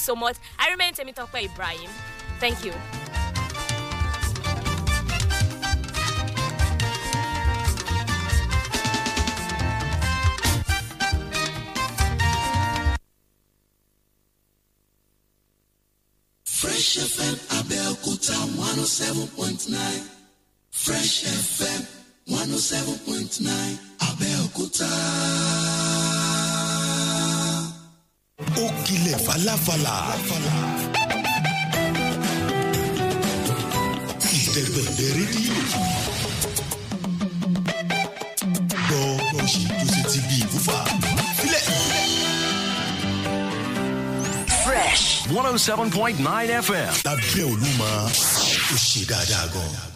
so much. I remain Temitope Ibrahim. Thank you. Fresh FM Kuta 107.9 Fresh FM 107.9 Abel Kuta kilẹ̀ falafala. ìtẹ̀gbẹ̀gbẹ̀ rédíò. gbọ́ bó tó ṣe ti bí ìwúfà. filẹ̀. Fresh 107.9 FM. lábẹ́ Olúmọ ó ṣe dáadáa gan-an.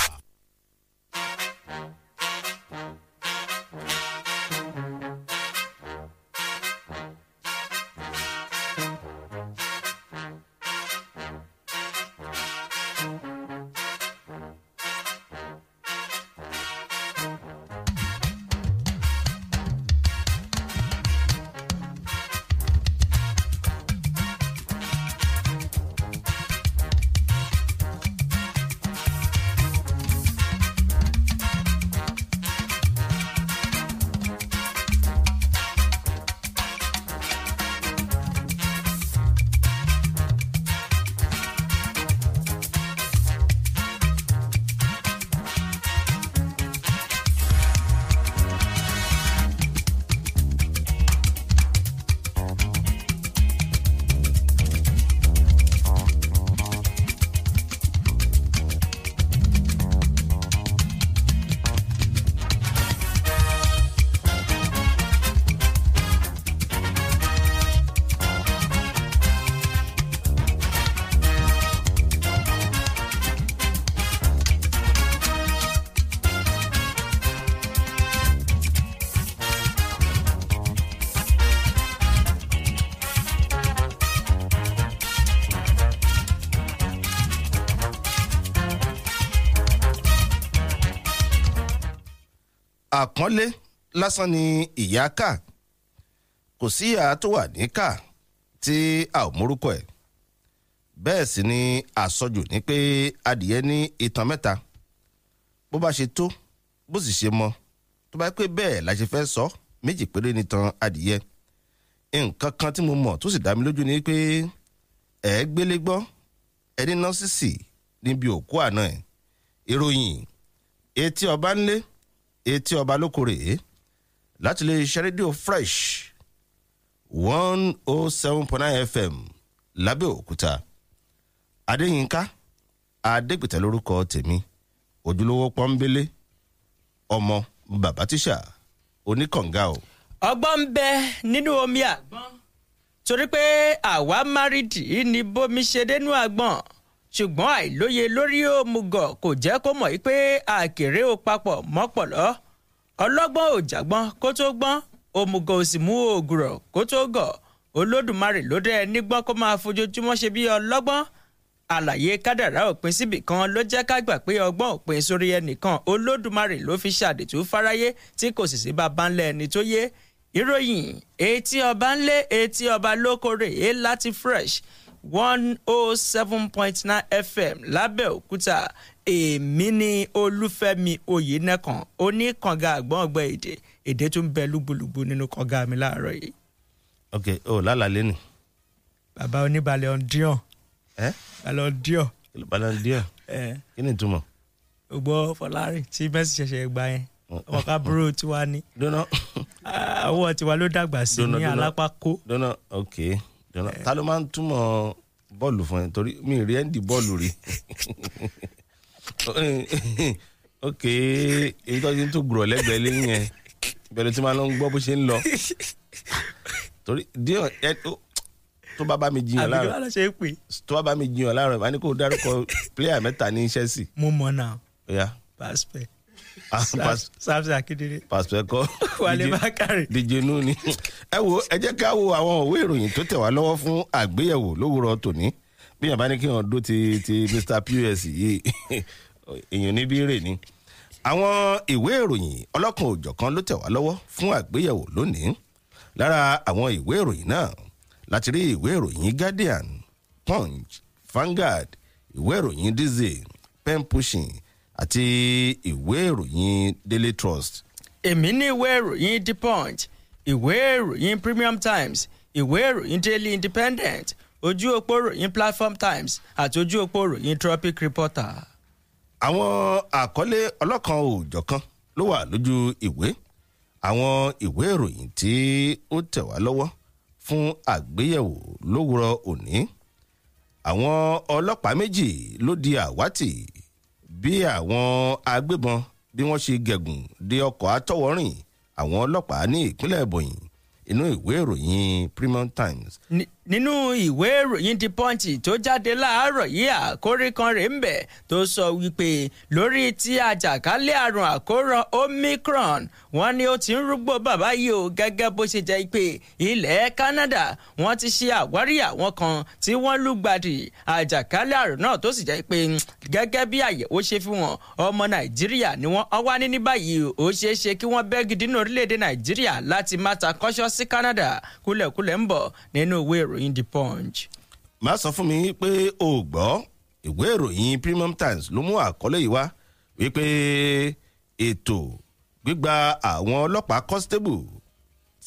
àpọ́nlé lásán ni ìyá kà kò sí ìyá tó wà ní kà tí a ò mórúkọ ẹ̀ bẹ́ẹ̀ sì ni àsọjù ni pé adìyẹ ní itan mẹ́ta bó bá ṣe tó bó sì ṣe mọ tó bá pé bẹ́ẹ̀ la ṣe fẹ́ sọ méjì péré ni tan adìyẹ nǹkan kan tí mo mọ̀ tó sì dá mi lójú ni pé ẹ̀ gbélé gbọ́ ẹni nọ́ọ̀sì sì níbi òkú àná ẹ̀ ìròyìn etí ọba ńlẹ́ etí ọba lóko rèé láti lè ṣe rédíò fresh one oh seven point nine fm lábẹ́òkúta adéyínká adégbètè lórúkọ tèmi ojúlówó pọ́nbélé ọmọ bàbá tíṣà oníkànga o. ọgbọ́n ń bẹ nínú omi àgbọn torí pé àwa márídìí ni bómi ṣe dénú àgbọn ṣùgbọ́n àìlóye lórí òmùgọ̀ kò jẹ́ kó mọ̀ pé àkèrè ó papọ̀ mọ́pọ̀lọ́ ọlọ́gbọ́n ò jàgbọ́n kó tó gbọ́n òmùgọ̀ ò sì mú ògùrọ̀ kó tó gọ̀ olódùmarè ló dẹ́ nígbọ́n kó máa fojoojúmọ́ ṣe bí ọlọ́gbọ́n àlàyé kádàrá òpin síbì kan ló jẹ́ ká gbà pé ọgbọ́n òpin sórí ẹnìkan olódùmarè ló fi ṣàdètú fáráyé tí kò sì sí bàbá ńlẹ̀ ẹni tó yé ìròyìn etí ọba ńlé etí ọba lókòrè láti fresh one oh seven point nine fm lábẹ́òkúta èmi e ni olúfẹ́mi oyinẹ̀kan oníkànga àgbọ̀n ọgbẹ́ èdè èdè tó ń bẹ lúgbúlùgbú nínú kànga mi láàárọ̀ yìí. ok o oh, lálàlẹ́ nì. bàbá oníbalẹ̀ ọ̀ndíọ̀n. ẹ eh? balẹ̀ ọ̀ndíọ̀n. balẹ̀ ọ̀ndíọ̀n. ẹ eh. kí ni ìtumọ̀. o gbọ́ fọlárin tí mẹ́sì ṣẹ̀ṣẹ̀ gba yẹn ọ̀ka búrò tiwa ni. dọ́nà. àwọn tiwa ló dàgbà sí ní alápákó. dọ́nà ok dọ́nà ta ló máa ń túmọ̀ bọ́ọ̀lù fún ẹ torí mi rí ẹ́ndì bọ́ọ̀lù rí ok èyí tó ti ń tó gbùrọ̀ lẹ́gbẹ̀ẹ́ lẹ́yìn yẹn ìbẹ̀rù tí máa lọ ń gbọ́ bó ṣe ń lọ torí díẹ̀ ẹ tó bá bá mi jiyàn láàárọ̀ tó bá bá mi jiyàn láàárọ̀ wọn dárúkọ pílẹ̀yà mẹ́ta ní Chelsea. mo mọ̀ náà. Yeah. Passport sáfìsì akíndélé pásítọ̀ ẹ̀kọ́ wálé bákàrè dìjẹnú ni. ẹ wo ẹ jẹ́ ká wo àwọn òwe ìròyìn tó tẹ̀ wá lọ́wọ́ fún àgbéyẹ̀wò lówùrọ̀ tòní bí yàrá ní kí wọn dó ti ti Mr POS yìí èèyàn níbí rè ni. àwọn ìwé ìròyìn ọlọ́kan òjọ̀kan ló tẹ̀ wá lọ́wọ́ fún àgbéyẹ̀wò lónìí lára àwọn ìwé ìròyìn náà láti rí ìwé ìròyìn Guardian Punch Vanguard ìwé ìròyìn Diesel pen pushing àti ìwé ìròyìn daily trust. èmi ní ìwé ìròyìn the punch ìwé ìròyìn premium times ìwé ìròyìn daily independent ojú òpó ìròyìn platform times àti ojú òpó ìròyìn tropic reporter. àwọn àkọlé ọlọ́kan òòjọ̀kan ló wà lójú ìwé àwọn ìwé ìròyìn tí ó tẹ̀ wá lọ́wọ́ fún àgbéyẹ̀wò lówùrọ̀ òní àwọn ọlọ́pàá méjì ló di àwátì bí àwọn agbébọn bí wọ́n ṣe gẹ̀gùn dé ọkọ̀ àtọwọ́rìn àwọn ọlọ́pàá ní ìpínlẹ̀ ebonyi inú ìwé ìròyìn Premium Times nínú ìwé ìròyìn The Punch tó jáde láàárọ̀ yìí àkórí kan rèé ń bẹ̀ tó sọ wípé lórí ti àjàkálẹ̀ àrùn àkóràn Omicron wọ́n ní ó ti ń rúgbó bàbá yìí o gẹ́gẹ́ bó ṣe jẹ́ pé ilẹ̀ Canada wọ́n ti ṣe àwárí àwọn kan tí wọ́n lùgbàdì àjàkálẹ̀ àrùn náà tó sì jẹ́ pé gẹ́gẹ́ bí àyẹ̀wò ṣe fi wọ́n ọmọ Nàìjíríà ni wọ́n wá ní ní báyìí ó ṣeé ṣe kí wọ́n bẹ́ẹ̀ gidi ní orílẹ̀-èdè Nàìjíríà láti má ta kọ́ṣọ́ sí Canada kúlẹ̀kúlẹ̀ ń bọ̀ nínú ìwé ìròyìn in the punch. má sọ fún mi pé o gbọ́ ìwé ìròyìn premium times ló mú àkọlé yìí wá wípé ètò gbígba àwọn ọlọ́pàá constable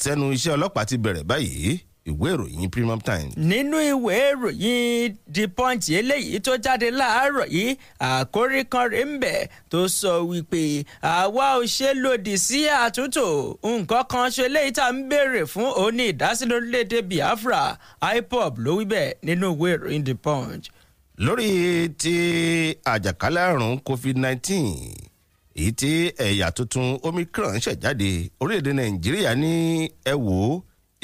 sẹ́nu iṣẹ́ ọlọ́pàá ti bẹ̀rẹ̀ báyìí ìwé ìròyìn Premium Times. nínú ìwé ìròyìn The Punch eléyìí tó jáde láàárọ̀ yìí àkórí kan rèé ń bẹ̀ tó sọ wípé àwa ò ṣe lòdì sí àtúntò nǹkan kan ṣe léyìí tá à ń béèrè fún òní ìdásílórílẹ̀‐èdè Biafra IPOB ló wí bẹ́ẹ̀ nínú ìwé ìròyìn The Punch. lórí ti àjàkálẹ̀ àrùn COVID-19 èyí tí ẹ̀yà tuntun Omicron ṣẹ̀ jáde orílẹ̀-èdè Nàìjíríà ní ẹ wò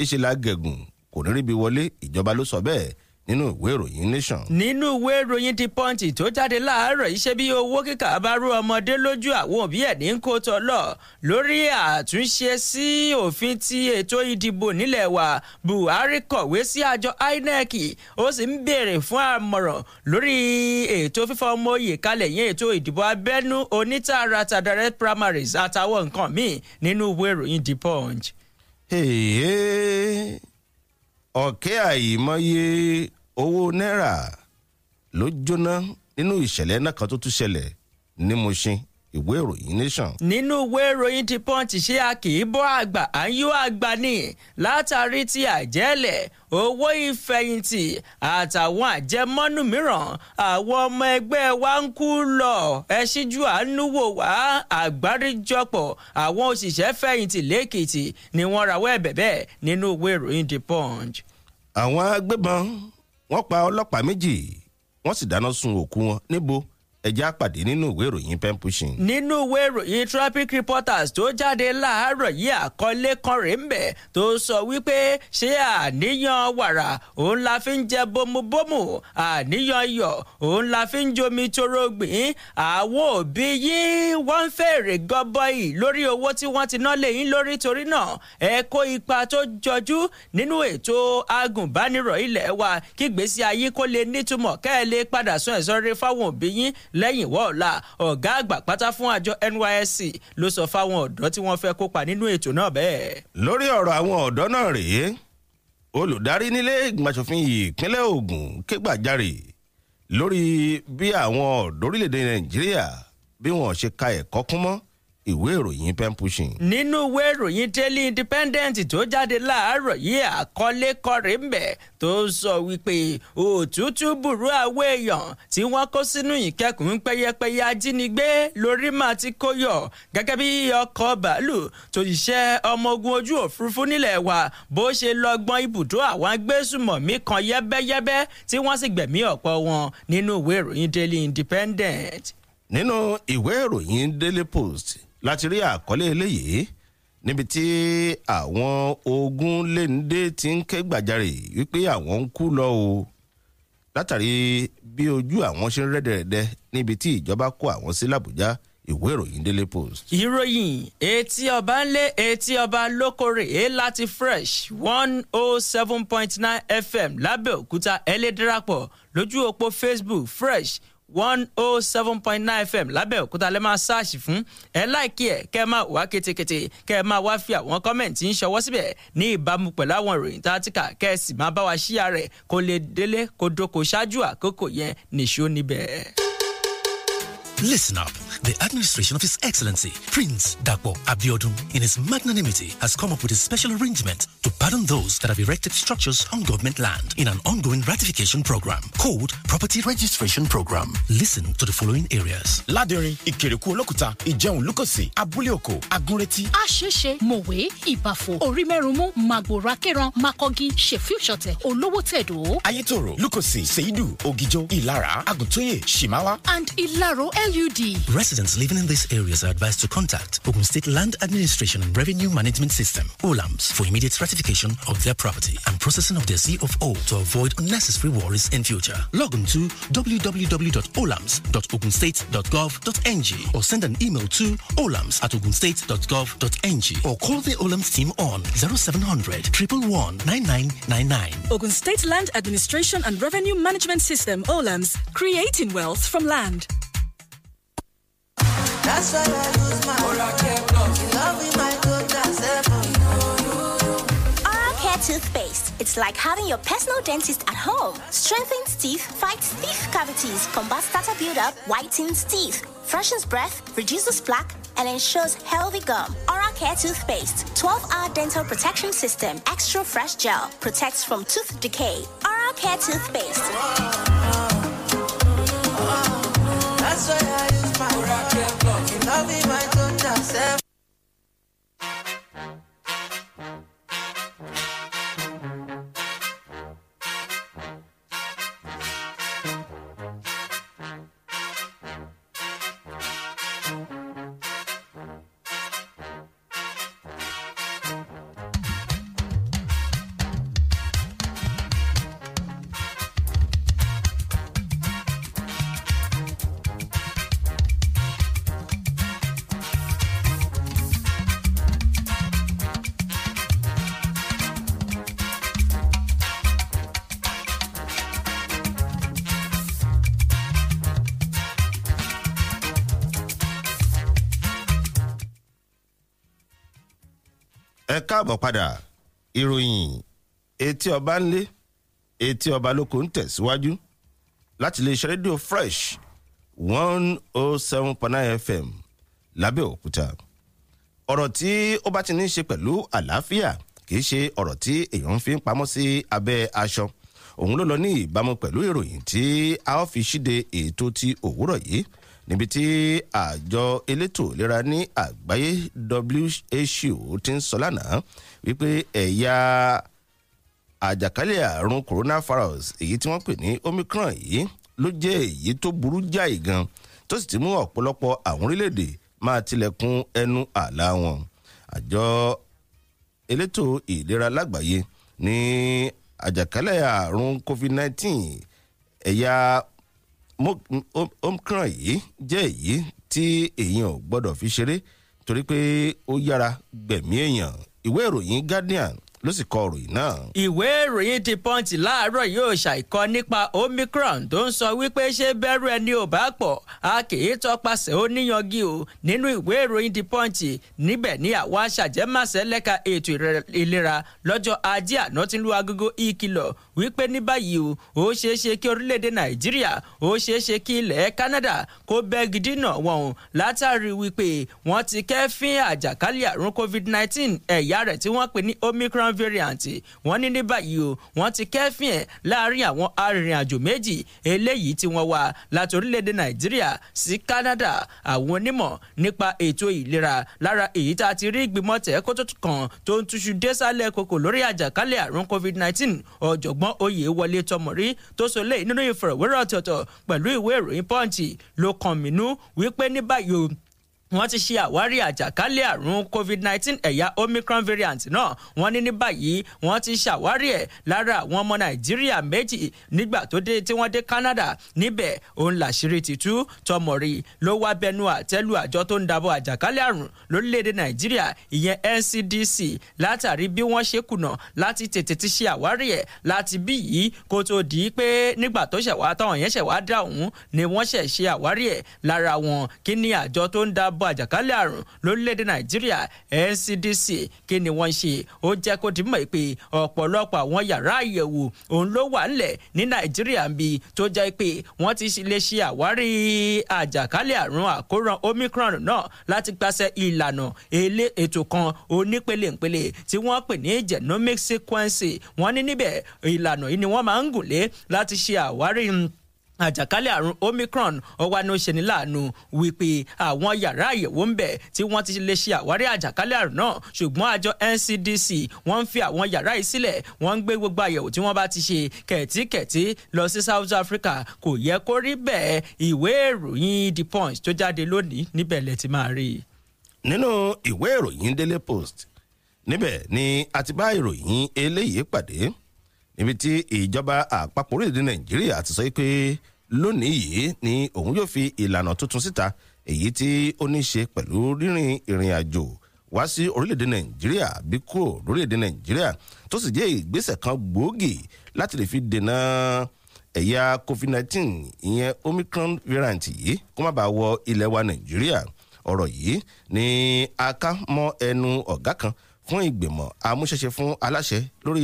ìṣẹ̀lẹ̀ agẹ̀gùn kò ní ríbi wọlé ìjọba ló sọ bẹ́ẹ̀ nínú ìwé ìròyìn nation. nínú ìwé ìròyìn the punch tó jáde láàárọ̀ yìí ṣe bí owó kíkà bá rú ọmọdé lójú àwọn òbí ẹ̀ ní kó tọ́ lọ lórí àtúnṣe sí òfin ti ètò ìdìbò nílẹ̀ wa buhari kọ̀wé sí àjọ inec ó sì ń béèrè fún àmọ̀ràn lórí ètò fífọ́ ọmọ òye kalẹ̀ yẹn ètò ìdìbò abẹ́nú onítàràtà direct primaries àtàwọn nǹkan míì nínú ìwé ìròyìn the punch. Hey, hey. ọ̀kẹ́ àìmọye owó náírà ló jóná nínú ìṣẹ̀lẹ̀ náà kan tó tún ṣẹlẹ̀ ní Mùṣín ìwé ìròyìn nation. nínú ìwé ìròyìn ti punch ṣé a kì í bọ́ àgbà à ń yó àgbà ni látàrí ti àjẹ́lẹ̀ owó ìfẹ̀yìntì àtàwọn àjẹmọ́nú mìíràn àwọn ọmọ ẹgbẹ́ wa ń kú lọ ẹ ṣíjú àánú wò wá àgbáríjọpọ̀ àwọn òṣìṣẹ́ fẹ̀yìntì lẹ́kìtì ni wọ́n rawọ́ ẹ̀bẹ̀ bẹ́ẹ̀ nínú ìwé ìròyìn the punch. àwọn agbébọn wọ́n pa ọlọ́pàá méjì wọ́n sì dáná sun òkú wọn níbo ẹjẹ́ àpàdé nínú ìwé ìròyìn pen pushing. nínú ìwé ìròyìn traffic reporters tó jáde láàárọ̀ yìí àkọlé kan rèé ń bẹ̀ tó sọ wípé ṣé àníyàn wàrà òun la fi ń jẹ bómúbómú àníyàn iyọ̀ òun la fi ń jomi torógbìn àwọn òbí yìí wọ́n ń fèrè gọbọ́ì lórí owó tí wọ́n ti ná lẹ́yìn lórí torí náà ẹ kó ipa tó jọjú nínú ètò agùnbánirọ̀ ilé wa kí gbèsè ayé kó lè nítumọ̀ kẹ́ ẹ lè padà sún ẹ̀sọ́ lẹ́yìn ìwọ́ ọ̀la ọ̀gá àgbà pátá fún àjọ NYSC ló sọ fáwọn ọ̀dọ́ tí wọ́n fẹ́ kópa nínú ètò náà bẹ́ẹ̀. lórí ọ̀rọ̀ àwọn ọ̀dọ́ náà rèé olùdarí nílé ìgbìmọ̀ asòfin ìpínlẹ̀ Ògùn kégbàjarè lórí bí àwọn ọ̀dọ́ orílẹ̀-èdè Nàìjíríà bí wọ́n ṣe ka ẹ̀kọ́ kún mọ́ ìwé ìròyìn pen nínú ìwé ìròyìn daily independent tó jáde láàárọ̀ yìí àkọlé kọrin ń tó sọ wípé òtútù burú àwọn èèyàn tí wọ́n kó sínú ìkẹ́kùn pẹ́yẹpẹ́yẹ ajínigbé lórí máa ti kó yọ gẹ́gẹ́ bí ọkọ̀ bàálù tó ṣiṣẹ́ ọmọ ogun ojú òfurufú nílẹ̀ wa bó ṣe lọ gbọ́n ibùdó àwọn agbésùmọ̀mí kan yẹ́bẹ́yẹ́bẹ́ tí wọ́n sì gbẹ̀mí ọ̀pọ̀ wọn nínú ìwé ìròyìn daily independent nínú ìwé ìròyìn daily post láti rí àkọlé eléyìí níbi tí àwọn ogun léńdé ti ń ké gbàjarè wípé àwọn ń kú lọ o látàrí bí ojú àwọn ṣe ń rẹ́dẹ̀rẹ́dẹ́ níbi tí ìjọba kó àwọn sí làbújá ìwé ìròyìn Daily Post. ìròyìn etí ọba ńlé etí ọba lókòrè e láti fresh one oh seven point nine fm lábẹ́òkúta ẹ lè darapọ̀ lójú òpó Facebook fresh one oh seven point nine fm lábẹ́òkúta lẹ́ máa ṣáàṣì fún ẹ láìkí ẹ̀ kẹ́ ẹ máa wá ketekete kẹ́ ẹ máa wá fi àwọn kọ́mẹ̀ntì ń ṣọwọ́ síbẹ̀ ní ìbámu pẹ̀lú àwọn ìròyìn tá a ti kà kẹ́ ẹ sì máa bá wa ṣíyà rẹ̀ kó lè délé kó dóko ṣáájú àkókò yẹn nìṣó níbẹ̀. listen up The administration of His Excellency, Prince Dakbo Abiodun, in his magnanimity, has come up with a special arrangement to pardon those that have erected structures on government land in an ongoing ratification program called Property Registration Program. Listen to the following areas. Ladiri Ìkẹrẹ̀kú Lokuta Ìjẹun Lukose Abulioko Agureti, Agúnretí. Mòwe, Ìbàfò, Orimerumo Màgbòrá Makọ́gi, Ṣèfíù Ṣọ̀tẹ̀, Ayétòrò, Lókòsí, Sèídù, Ògìjọ, Ìlara, Àgùntóyè, Shimawa And Ìlaro LUD. Residents living in these areas are advised to contact Ogun State Land Administration and Revenue Management System, OLAMS, for immediate ratification of their property and processing of their C of O to avoid unnecessary worries in future. Log on to www.olams.ogunstate.gov.ng or send an email to olams at ogunstate.gov.ng or call the OLAMS team on 0700 9999. Ogun State Land Administration and Revenue Management System, OLAMS, creating wealth from land toothpaste. It's like having your personal dentist at home. Strengthens teeth, fights teeth cavities, combats tartar buildup, whitens teeth, freshens breath, reduces plaque, and ensures healthy gum. Oral Care Toothpaste, 12-hour dental protection system, extra fresh gel, protects from tooth decay. Oral Care Toothpaste. Love in my total self káàbọ̀ padà ìròyìn etí ọba ńlé etí ọba lóko ń tẹ̀síwájú láti lè rédíò fresh one oh seven point nine fm lábẹ́òkúta ọ̀rọ̀ tí ó bá ti ní í ṣe pẹ̀lú àlàáfíà kì í ṣe ọ̀rọ̀ tí èèyàn fi ń pamọ́ sí abẹ́ aṣọ òun ló lọ ní ìbámu pẹ̀lú ìròyìn tí a ó fi ṣíde ètò ti òwúrọ̀ yìí níbi tí àjọ elétò ìlera ní àgbáyé who ti ń sọ lánàá wípé ẹ̀yà àjàkálẹ̀ àrùn coronavirus èyí tí wọ́n pè ní omicron yìí ló jẹ́ èyí tó burú jáì gan tó sì ti mú ọ̀pọ̀lọpọ̀ àwọn orílẹ̀-èdè máa tilẹ̀kùn ẹnu àlá wọn àjọ elétò ìlera lágbàáyé ní àjàkálẹ̀ àrùn covid-19 ẹ̀yà omicron yìí jẹ́ èyí tí èèyàn ò gbọ́dọ̀ fi ṣeré torí pé ó yára gbẹ̀mí èèyàn ìwé ìròyìn Guardian ló sì kọ ìròyìn náà. ìwé ìròyìn ti punch láàárọ̀ yóò ṣàìkọ nípa omicron tó ń sọ wípé ṣé bẹ́rù ẹni ò bá pọ̀ a kì í tọpasẹ̀ oníyangi o nínú ìwé ìròyìn ti punch níbẹ̀ ni àwa ṣàjẹmàṣẹ́ lẹ́ka ètò ìlera lọ́jọ́ ajé àná tí ń lu agogo ìkìlọ̀ wípé ní báyìí o ó ṣeé ṣe kí orílẹ̀-èdè nàìjíríà ó ṣeé ṣe kí ilẹ̀ canada kó bẹ́ẹ̀ gidina wọn o látàrí wípé wọ́n ti kẹ́fín àjàkálẹ̀ àrùn covid-19 ẹ̀yà rẹ̀ tí wọ́n pè ní omicron One variant wọ́n ní ní báyìí o wọ́n ti kẹ́fìn ẹ̀ láàrin àwọn arìnrìn-àjò méjì eléyìí tí wọ́n wá láti orílẹ̀-èdè nàìjíríà sí canada àwọn onímọ̀ nípa ètò ìlera lára èyí tá a ti rí ìgbìmọ̀ tẹ̀ kótó kan tó ń túṣu désàlẹ̀ kòkò lórí àjàkálẹ̀ àrùn covid-19 ọ̀jọ̀gbọ́n oyèwọlé tọmọrí tó sọ lẹ́yìn nínú ìfọ̀rọ̀wérọ̀ ọ̀tọ̀ọ̀tọ̀ pẹ̀lú ìwé ìròyìn pọ́ǹtì ló kàn mínú wípé ní báyìí o wọ́n ti ṣe àwárí àjàkálẹ̀ àrùn covid-19 ẹ̀yà omicron variant náà wọ́n ní ní báyìí wọ́n ti ṣàwárí ẹ̀ lára àwọn ọmọ nàìjíríà méjì nígbà tó dé tí wọ́n dé canada níbẹ̀ òun làṣírí ti tú tọmọ rí ló wá bẹnu àtẹ́lu àjọ tó ń dábọ̀ àjàkálẹ̀ àrùn lórílẹ̀‐èdè nàìjíríà ìyẹn ncdc látàrí bí wọ́n ṣe kùnà láti tètè ti ṣe àwárí ẹ̀ láti bí yìí kó tó di pé nígbà tó ṣẹ̀wá táwọn yẹn ṣẹ̀wá dáhùn ni wọ́n ààbò àjàkálẹ̀ àrùn lórílẹ̀‐èdè nàìjíríà ncdc kí ni wọ́n ṣe ó jẹ́ kó ti mọ̀ pé ọ̀pọ̀lọpọ̀ àwọn yàrá àyẹ̀wò òun ló wà ńlẹ̀ ní nàìjíríà ń bi tó jẹ́ pé wọ́n ti lè ṣe àwárí àjàkálẹ̀ àrùn àkóràn omicron náà láti gbàṣẹ ìlànà èlé ètò kan onípele-ìpele tí wọ́n pè ní genomic sequence wọ́n ní níbẹ̀ ìlànà yìí ni wọ́n máa ń gùn lé láti ṣe àwárí àjàkálẹ̀ àrùn omicron ọwọ́ ni ó ṣe ní láàánú wípé àwọn yàrá àyẹ̀wò ń bẹ̀ tí wọ́n ti lè ṣe àwárí àjàkálẹ̀ àrùn náà ṣùgbọ́n àjọ ncdc wọ́n ń fi àwọn yàrá yìí sílẹ̀ wọ́n ń gbé gbogbo àyẹ̀wò tí wọ́n bá ti ṣe kẹ̀tíkẹ̀tí lọ sí south africa kò yẹ kó rí bẹ́ẹ̀ ìwé ìròyìn the punch tó jáde lónìí níbẹ̀ lẹ ti máa rí nínú ìwé ìròyìn daily post níbẹ̀ ni àtibá ìròyìn eléyìí pàdé ibi tí ìjọba àpapọ̀ orílẹ̀-èdè nàìjíríà ti sọ pé lónìí yìí ni òun yóò fi ìlànà tuntun síta èyí tí ó ní ṣe pẹ̀lú rírìn ìrìn àjò wá sí orílẹ̀-èdè nàìjíríà bí kúrò lórílẹ̀-èdè nàìjíríà tó sì jẹ́ ìgbésẹ̀ kan gbòógì láti lè fi dènà ẹ̀yà covid-19 ìyẹn omicron variant yìí kó má bàa wọ ilẹ̀ wa nàìjíríà ọ̀rọ̀ yìí ni a ká mọ́ ẹnu ọ̀gá kan fún ìgbìmọ̀ amúṣẹ́ṣe fún aláṣẹ lórí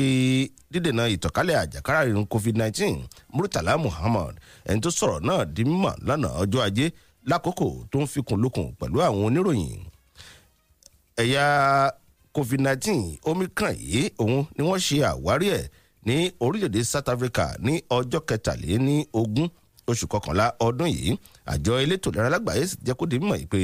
dídènà ìtànkálẹ̀ àjàkáràrùn covid nineteen murtala muhammad ẹni tó sọ̀rọ̀ náà di mímọ̀ lánàá ọjọ́ ajé lákòókò tó ń fikùn lukùn pẹ̀lú àwọn oníròyìn ẹ̀yà covid nineteen omicron yìí òun ni wọ́n ṣe àwárí ẹ̀ ní orílẹ̀-èdè south africa ní ọjọ́ kẹtàléní ogún oṣù kọkànlá ọdún yìí àjọ elétò ìlera lágbàáyé sì jẹ́ kó di mímọ̀ pé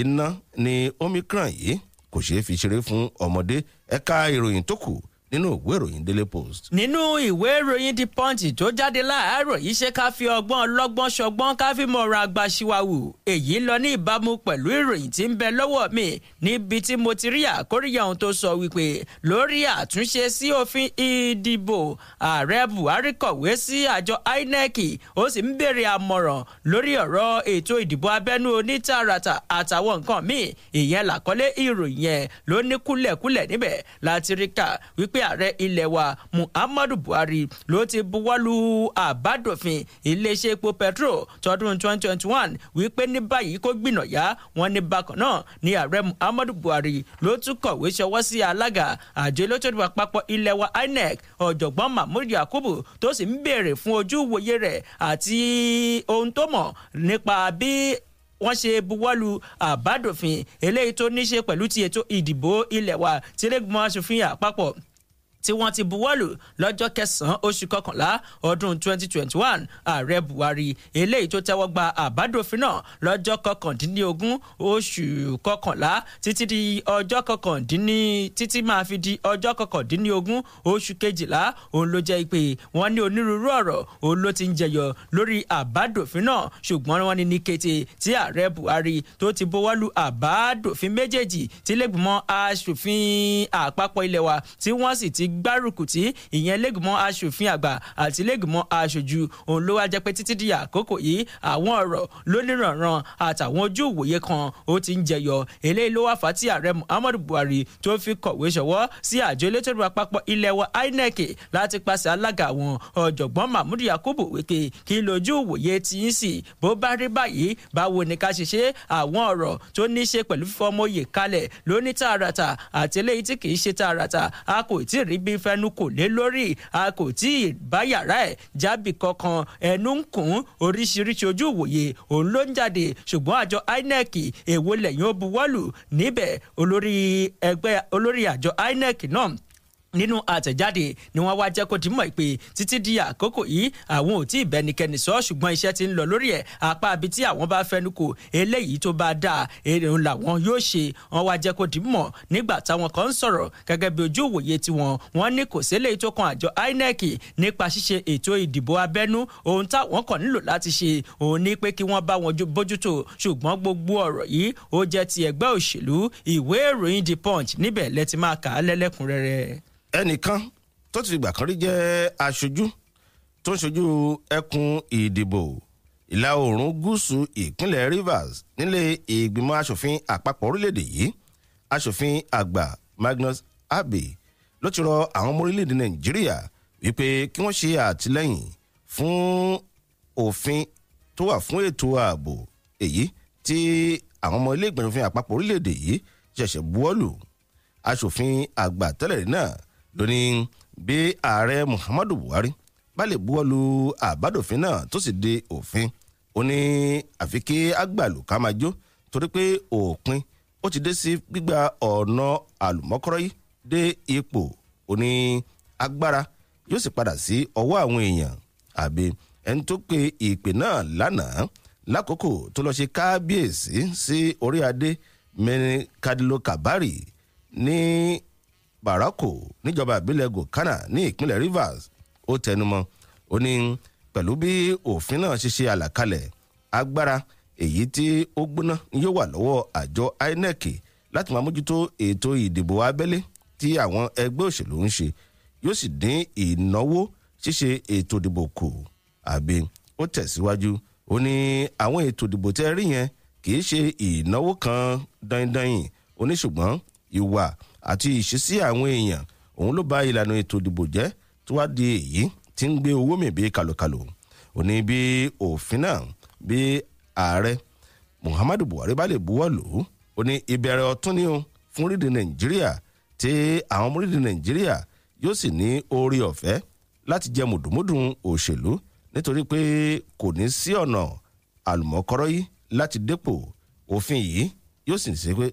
iná ni omicron yìí kò ṣeé fi ṣeré fún ọmọdé ẹ̀ka ìròyìn tó kù nínú ìwé ìròyìn daily post. nínú ìwé ìròyìn the punch tó jáde láàárọ̀ yìí ṣe ká fi ọgbọ́n ọlọ́gbọ́n ṣọgbọ́n ká fi mọ ọ̀rọ̀ àgbà ṣíwáwù èyí lọ ní ìbámu pẹ̀lú ìròyìn tí ń bẹ lọ́wọ́ mi níbi tí mo ti rí àkóríyá ohun tó sọ wípé lórí àtúnṣe sí òfin ìdìbò ààrẹ buhari kọ̀wé sí àjọ inec ó sì ń béèrè àmọ̀ràn lórí ọ̀rọ̀ ètò ìdìbò abẹ́nú onítàràtà àtàwọn nǹkan míì ìyẹn làkọ́lé pé ààrẹ ilẹ̀ wa muhammadu buhari ló ti buwọ́lu àbádòfin iléeṣẹ́ epo petro tọdún 2021 wípé ní báyìí kó gbìnàyà wọn ní bákan náà ni ààrẹ muhammadu buhari ló tún kọ̀wé ṣọwọ́ sí alága àjọ elétòdìbò àpapọ̀ ilẹ̀ wa inec ọ̀jọ̀gbọ́n mahmood yakubu tó sì ń béèrè fún ojú ìwòye rẹ̀ àti ohun tó mọ̀ nípa bí wọ́n ṣe buwọ́lu àbádòfin eléyìí tó ní ṣe ti ètò ìdìbò ilẹ̀ wa tí ẹlẹ́gbọ̀n aṣòfin àpapọ̀ tí wọ́n ti buwọ́lù lọ́jọ́ kẹsàn-án oṣù kọkànlá ọdún 2021 ààrẹ buhari eléyìí tó tẹ́wọ́ gba àbádòfin náà lọ́jọ́ kọkàndínlógún oṣù kọkànlá títí di ọjọ́ kọkàndínní títí máa fi di ọjọ́ kọkàndínlógún oṣù kejìlá òun ló jẹ́ pé wọ́n ní onírúurú ọ̀rọ̀ òun ló ti ń jẹyọ lórí àbádòfin náà ṣùgbọ́n wọ́n ní ní kété tí ààrẹ buhari tó ti buwọ́lù àbádòfin méjèèjì tí ìgbárùkùtì ìyẹn lẹ́gbọ̀n aṣòfin àgbà àti lẹ́gbọ̀n aṣojú òun ló wá jẹ́ pé títí di àkókò yìí àwọn ọ̀rọ̀ lóníranran àtàwọn ojú ìwòye kan ó ti ń jẹyọ eléyìí ló wá fà á tí ààrẹ muhammadu buhari tó fi kọ̀wé ṣọwọ́ sí àjọ elétò ìrìn àpapọ̀ ilẹ̀ wa inec láti pàṣẹ alága àwọn ọ̀jọ̀gbọ́n mahmood yakubu wike kí lójú ìwòye ti ń sì bó bá rí báyìí báwo ni ká ṣe ṣe àwọn ọ̀rọ̀ tó ní ṣe pẹ̀lú fífọmọye kalẹ̀ lóní ibi fẹnu kò lé lórí a kò tí ì bá yàrá ẹ̀ jábì kankan ẹnu ń kùn oríṣiríṣi ojú ìwòye òun ló ń jáde ṣùgbọ́n àjọ inec èwo lẹ́yìn ó buwọ́lù níbẹ̀ olórí ẹgbẹ́ olórí àjọ inec náà nínú àtẹ̀jáde ni wọ́n wá jẹ́ kó di mọ̀ pé títí di àkókò yìí àwọn ò tí ì bẹnikẹ́ni sọ ṣùgbọ́n iṣẹ́ ti ń lọ lórí ẹ̀ apá ibi tí àwọn bá fẹnu kò eléyìí tó bá dáa èrò làwọn yóò ṣe wọ́n wá jẹ́ kó di mọ̀ nígbà táwọn kan ń sọ̀rọ̀ gẹ́gẹ́ bí ojú òwòye tiwọn wọ́n ní kò sílé tó kan àjọ INEC nípa ṣíṣe ètò ìdìbò abẹ́nú ohun táwọn kàn nílò láti ṣe òun ní Punch níbẹ̀ lẹ ti máa ẹnìkan tó ti gbà kan rí jẹ́ aṣojú tó ń ṣojú ẹkùn ìdìbò ìlà oòrùn gúúsù ìpínlẹ̀ Rivers nílé ìgbìmọ̀ asòfin àpapọ̀ orílẹ̀-èdè yìí asòfin àgbà Magnus Abbey ló ti rọ àwọn ọmọ orílẹ̀-èdè Nàìjíríà wípé kí wọ́n ṣe àtìlẹ́yìn fún òfin tó wà fún ètò ààbò èyí tí àwọn ọmọ ilé ìgbìmọ̀ òfin àpapọ̀ orílẹ̀-èdè yìí ṣẹ̀ṣẹ̀ buwọ́lù asòfin àgbà tẹ́lẹ̀ náà ló ní bí ààrẹ Muhammadu Buhari bá lè buwọ́ lu àbádòfin náà tó sì di òfin ó ní àfi kí àgbàlù ká máa jó torí pé òpin ó ti dé sí gbígba ọ̀nà àlùmọ́kọ́rọ́ yìí dé ipò ó ní agbára yóò sì padà sí ọwọ́ àwọn èèyàn àbí ẹni tó pe ìpè náà lánàá lákòókò tó lọ́ọ́ ṣe kábíyèsí sí orí adé mẹ́rin kadilo kabari ní barako níjọba ìbílẹ̀ gokana ní ìpínlẹ̀ rivers ó tẹnumọ́ ó ní pẹ̀lú bí òfin náà ṣe ṣe àlàkalẹ̀ agbára èyí tí ó gbóná yóò wà lọ́wọ́ àjọ inec láti máa mójútó ètò ìdìbò abẹ́lé tí àwọn ẹgbẹ́ òṣèlú ń ṣe yóò sì dín ìnáwó ṣíṣe ètò ìdìbò kù àbí ó tẹ̀síwájú ó ní àwọn ètò ìdìbò tẹ́ rí yẹn kì í ṣe ìnáwó kan dandanyin ó ní ṣùgbọ́n ìwà àti ìṣesí àwọn èèyàn òun ló bá ìlànà ètò ìdìbò jẹ́ tó wá di èyí tí ń gbé owó mìbí kàlòkàlò ò ní bí òfin náà bí ààrẹ Muhammadu Buhari bá lè buwọ́ lò ó ò ní ìbẹ̀rẹ̀ ọ̀tún ni o fún orílẹ̀-èdè Nàìjíríà tí àwọn ọmọ orílẹ̀-èdè Nàìjíríà yóò sì ní oore ọ̀fẹ́ láti jẹ mùdùmúdùn òṣèlú nítorí pé kò ní sí ọ̀nà àlùmọ́kọ́rọ́ yìí láti dépò òfin yìí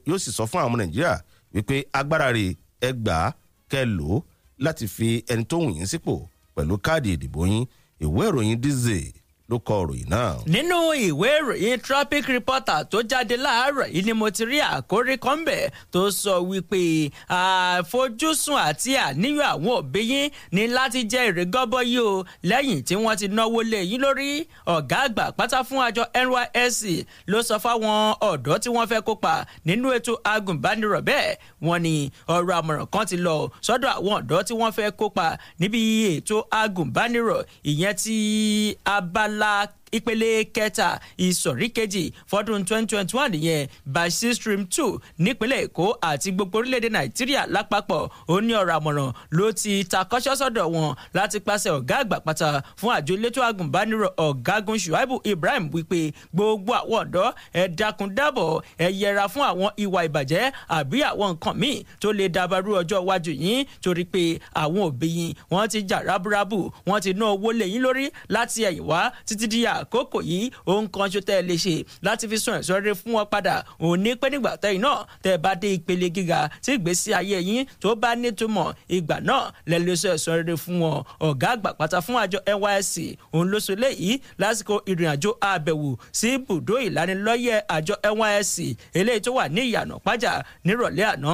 yóò sì sọ fún àwọn ọmọ Nàìjíríà wípé agbára rẹ̀ ẹ gbà á kẹ́ lò ó láti fi ẹni tó wù yín sípò pẹ̀lú káàdì ìdìbò yín ìwé ìròyìn dizzy ló kọ ìròyìn náà. nínú ìwé ìròyìn traffic reporter tó jáde láàárọ̀ yìí ni mo ti rí àkórí kan bẹ̀ tó sọ wípé àfojúsùn àti àníyàn àwọn òbí yín ni láti jẹ́ èrè gọ́bọ́ yìí o lẹ́yìn tí wọ́n ti náwó lé yín lórí ọ̀gá àgbà pátá fún àjọ nysc ló sọ fáwọn ọ̀dọ́ tí wọ́n fẹ́ kópa nínú ètò agùnbánirọ̀ bẹ́ẹ̀ wọ́n ní ọ̀rọ̀ àmọ̀ràn kan ti lọ sọ́dọ̀ àwọn ọ̀dọ́ tí wọ́n fẹ́ kópa níbi ètò agùnbánirọ̀ ìyẹn ti abala luck ìpele kẹta ìsọ̀rí kejì fọ́dún 2021 nìyẹn basi stream two nípínlẹ̀ èkó àti gbogbo orílẹ̀-èdè nàìjíríà lápapọ̀ ó ní ọ̀rọ̀ àmọ̀ràn ló ti takọ́ṣọ́ sọ́dọ̀ wọn láti pàṣẹ ọ̀gá àgbà pátá fún àjọ elétò agùnbánirọ̀ ọ̀gágun shuaibu ibrahim wípé gbogbo àwọn ọ̀dọ́ ẹ dákun dábọ̀ ẹ yẹra fún àwọn ìwà ìbàjẹ́ àbí àwọn nǹkan míì tó lè dàbàrú ọjọ́ iwájú yín torí pé àwọn òbí yín wọ́n ti jà rábúrábù wọ́n ti ná owó lẹ́yìn lórí láti ẹ̀yìn wá títí di àkókò yìí òun kan ṣo tẹ́ ẹ lè ṣe láti fi sún ẹ̀sọ́ rere fún wọn padà òun ní pé nígbà tẹ́yìn náà tẹ́ ẹ bá dé ìpele gíga tí ìgbésí ayé yín tó bá nítumọ̀ ìgbà náà lẹ́ lè sọ ẹ̀sọ́ rere fún wọn ọ̀gá àgbà pátá fún àjọ NYSC òun ló sọlé yìí lásìkò ìrìnàjò àbẹ̀wò sí ibùdó ìlanilọ́yẹ̀ àjọ NYSC eléyìí tó wà ní ìyànà pàjà nírọ̀lẹ́ àná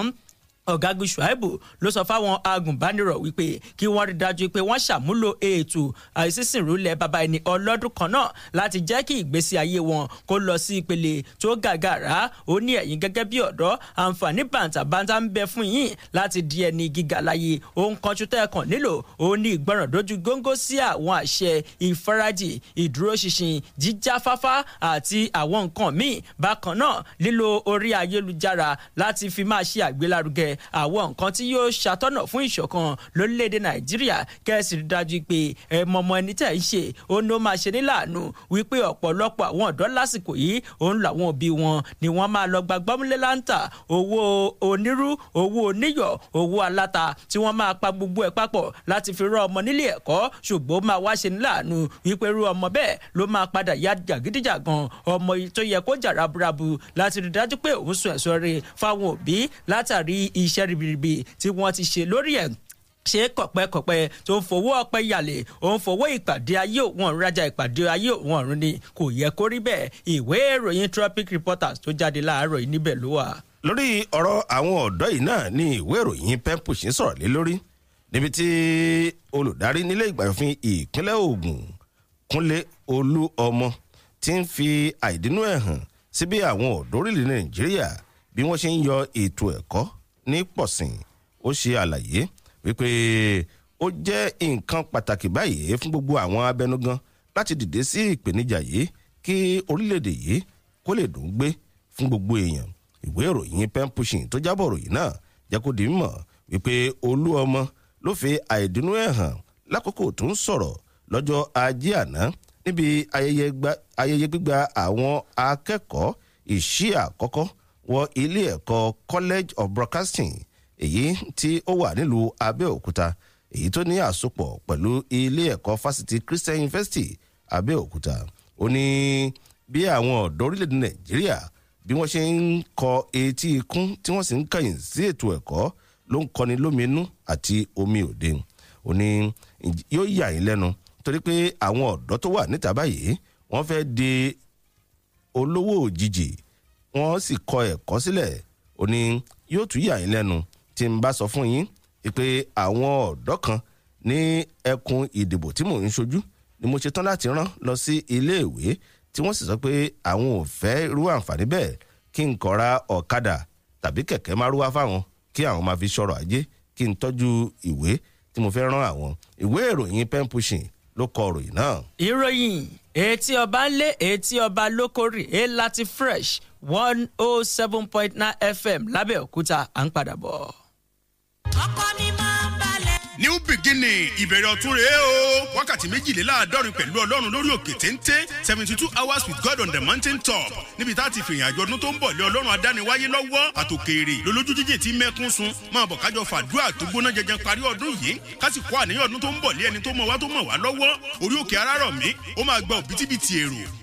ọ̀gágun shuaibu ló sọ fáwọn agùnbánirọ̀ wípé kí wọ́n rí dájú pé wọ́n ṣàmúlò ètò àìsísìnrú lẹ̀ bàbá ẹni ọlọ́dún kan náà láti jẹ́ kí ìgbésí ayé wọn kó lọ sí ìpele tó gàgàrà ó ní ẹ̀yin gẹ́gẹ́ bí ọ̀dọ́ àǹfààní bàǹtàbàǹtà ń bẹ fún yín láti di ẹni gíga láyé òun kanjú tẹ́ẹ̀kan nílò ó ní ìgbọràn dójú góńgó sí àwọn àṣẹ ìfarajì ìdúróṣinṣin jíjáfáfá àti àwọn nǹkan míì bákan náà lílo orí ayélujára láti fi máa ṣe àgbélárugẹ ààrẹ àwọn nǹkan tí yóò ṣàtọ́nà fún ìṣọ̀kan lórílẹ̀‐èdè nàìjíríà kẹ́sì rí dájú pé ẹ mọ̀mọ́ ẹni tẹ̀ ń ṣe òun ló máa ṣe ní láàánú wípé ọ̀pọ̀lọpọ̀ àwọn ọ̀dọ́ lásìkò yìí òun làwọn òbí wọn ni wọ́n máa lọ gba gbọ́múlé láǹtà owó onírú owó oníyọ̀ owó aláta tí wọ́n máa pa gbogbo ẹ̀ papọ̀ láti fi rán ọmọ nílé ẹ̀kọ́ ṣùgbọ́n máa wá ṣe ní láàánú wípé irú ọmọ bẹ́ẹ̀ ló máa padà ya jàgídíjàgan ọmọ tó yẹ kó jà raburabu láti rí dájú pé òun sùn ẹ̀sọ́ rẹ̀ fáwọn òbí látàrí iṣẹ́ ribiribi tí wọ́n ti ṣe lórí ẹ̀ ṣe kọ̀pẹ́kọ̀pẹ́ tó ń fowó ọpẹ́ yàlè ó ń fowó ìpàdé ayé òun ọ̀run rajà ìpàdé ayé òun ọ̀run ni kò yẹ kó rí bẹ́ẹ̀ ìwé ìròyìn Tropic Reporters tó jáde láàárọ̀ yìí níbẹ̀ ló wà. lórí ọ̀rọ̀ àwọn ọ̀dọ́ yìí náà ni ìwé ìròyìn pemphuc ń sọ̀rọ̀ lé lórí níbi tí olùdarí nílé ìgbàfin ìpínlẹ̀ Ògùn Kúnlé Olúọmọ ti ń fi àìdínú ẹ̀ hàn sí bí àwọn ọ̀dọ́ orílẹ̀ Nàìjíríà bí wọ́n ṣe ń yọ ètò ẹ̀kọ́ ní pọ̀sìn ó ṣe àlàyé wípé ó jẹ́ nǹkan pàtàkì báyìí fún gbogbo àwọn abẹnugan láti dìde sí ìpèníjà yìí kí orílẹ̀-èdè yìí kó lè dùn gbé fún gbogbo èèyàn ìwé ìròyìn pen pushing tó jábọ̀ ròyìn náà jẹ́ kó di mímọ̀ wípé olú ọmọ ló fi àìdùnnú ẹ̀ hàn lákòókò tó ń sọ̀rọ̀ lọ́jọ́ ajé àná níbi ayẹyẹ gbígba àwọn akẹ́kọ̀ọ́ ìṣí àkọ́kọ́ wọ ilé ẹ̀kọ́ college of broadcasting èyí tí ó wà nílùú abẹ́òkúta èyí tó ní àsopọ̀ pẹ̀lú ilé ẹ̀kọ́ fásitì christian university abẹ́òkúta ó ní bí àwọn ọ̀dọ́ orílẹ̀-èdè nàìjíríà bí wọ́n ṣe ń kọ etí ikún tí wọ́n sì ń kẹ̀yìn sí ètò ẹ̀kọ́ ló ń kọni lóminú àti omi òde ó ní yóò yà yín lẹ́nu torí pé àwọn ọ̀dọ́ tó wà níta báyìí wọ́n fẹ́ di olówó òjijì wọ́n sì kọ ẹ̀kọ́ sílẹ̀ ó ní yóò tún yà yín lẹ́nu tí n bá sọ fún yín pé àwọn ọ̀dọ́ kan ní ẹkùn ìdìbò tí mò ń ṣojú ni mo ṣe tán láti rán lọ sí iléèwé tí wọ́n sì sọ pé àwọn ò fẹ́ irú àǹfààní bẹ́ẹ̀ kí n kọ́ra ọ̀kadà tàbí kẹ̀kẹ́ márúwá fáwọn kí àwọn máa fi ṣọrọ̀ ajé kí n tọ́jú ìwé tí mo fẹ́ rán àwọn ìwé ìròyìn pen pushing ló kọ ìròyìn náà. ìròyìn etí ọba ń lé etí ọba lókòrè e láti fresh one oh seven point nine fm lábẹ́òkúta à ń padà bọ̀. ọkọ mi kínní ìbẹ̀rẹ̀ ọ̀tún rèé o wákàtí méjìléláàádọ́rin pẹ̀lú ọlọ́run lórí òkè téńté seventy two hours with God on the mountain top níbi tá a ti fìrìn àjọ ọdún tó ń bọ̀ lé ọlọ́run adániwáyé lọ́wọ́ àtòkèèrè lólójú jíjìn tí mẹ́kún sun máa bọ̀ kájọ fàdúrà tó gbóná jẹjẹ parí ọdún yìí kásìkò àníyàn ọdún tó ń bọ̀ lé ẹni tó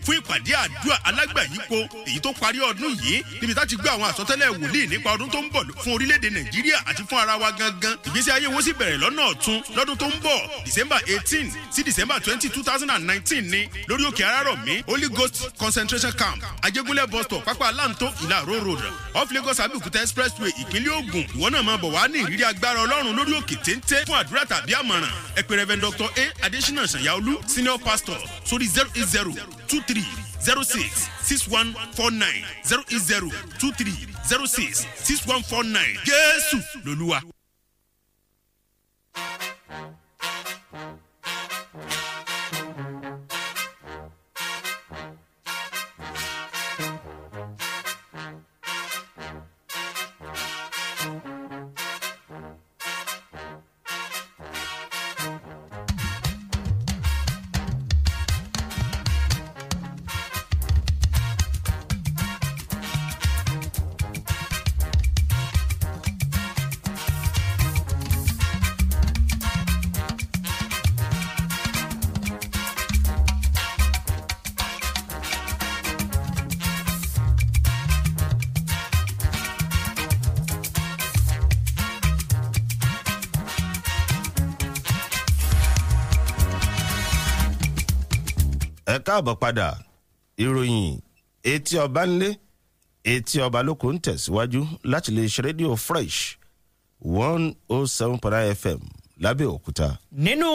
fún ìpàdé àdúrà alágbàyípo èyí tó parí ọdún yìí níbi tá ti gbé àwọn àsọtẹ́lẹ̀ wòlíì nípa ọdún tó ń bọ̀ fún orílẹ̀ nàìjíríà àti fún ara wa gangan ìgbésí ayé wọn sì bẹ̀rẹ̀ lọ́nà ọ̀tun lọ́dún tó ń bọ̀ december eighteen sí december twenty two thousand and nineteen ní lórí òkè arárọ̀mí holy ghost concentration camp ajégúnlẹ̀ bus stop pápá aláǹtó ìlàró road off lagos abeokuta expressway ìpínlẹ̀ ogun ìwọ náà máa bọ̀ wá ní ìrírí agbára ọlọ́run lórí òkè téńté fún àdúrà tàbí àmọ̀ràn ẹ rev dr a adesina sanyaolu senior pastor sórí zero eight zero two three zero six six one four nine zero eight zero two three zero six six one four nine jésù lolúwa. káàbọ̀ padà ìròyìn etí ọba ńlé etí ọba lóko ń tẹ̀síwájú láti lè ṣe rédíò fresh one oh seven point nine fm lábẹ́òkúta. nínú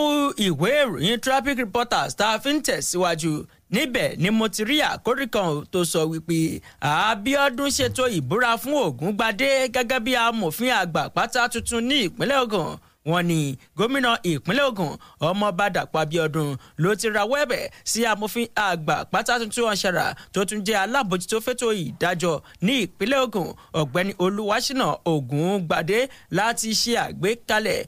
ìwé ìròyìn traffic reporters tá a fi ń tẹ̀síwájú níbẹ̀ ni mo ti rí àkórí kan tó sọ wípé Abíọ́dún ṣètò ìbúra fún Ògúngbadé gẹ́gẹ́ bí amòfin àgbà pátá tuntun ní ìpínlẹ̀ Ògùn wọ́n ní gómìnà ìpínlẹ̀ Ògùn ọmọọba Dàpọ̀ Abíọ́dún ló ti rawọ́ ẹ̀bẹ̀ sí amòfin àgbà pátá tuntun ọ̀ṣẹ̀rà tó tún jẹ́ alábòjútó fẹ́tò ìdájọ́ ní ìpínlẹ̀ Ògùn ọ̀gbẹ́ni Olúwaṣínà Ògúngbadé láti ṣe àgbékalẹ̀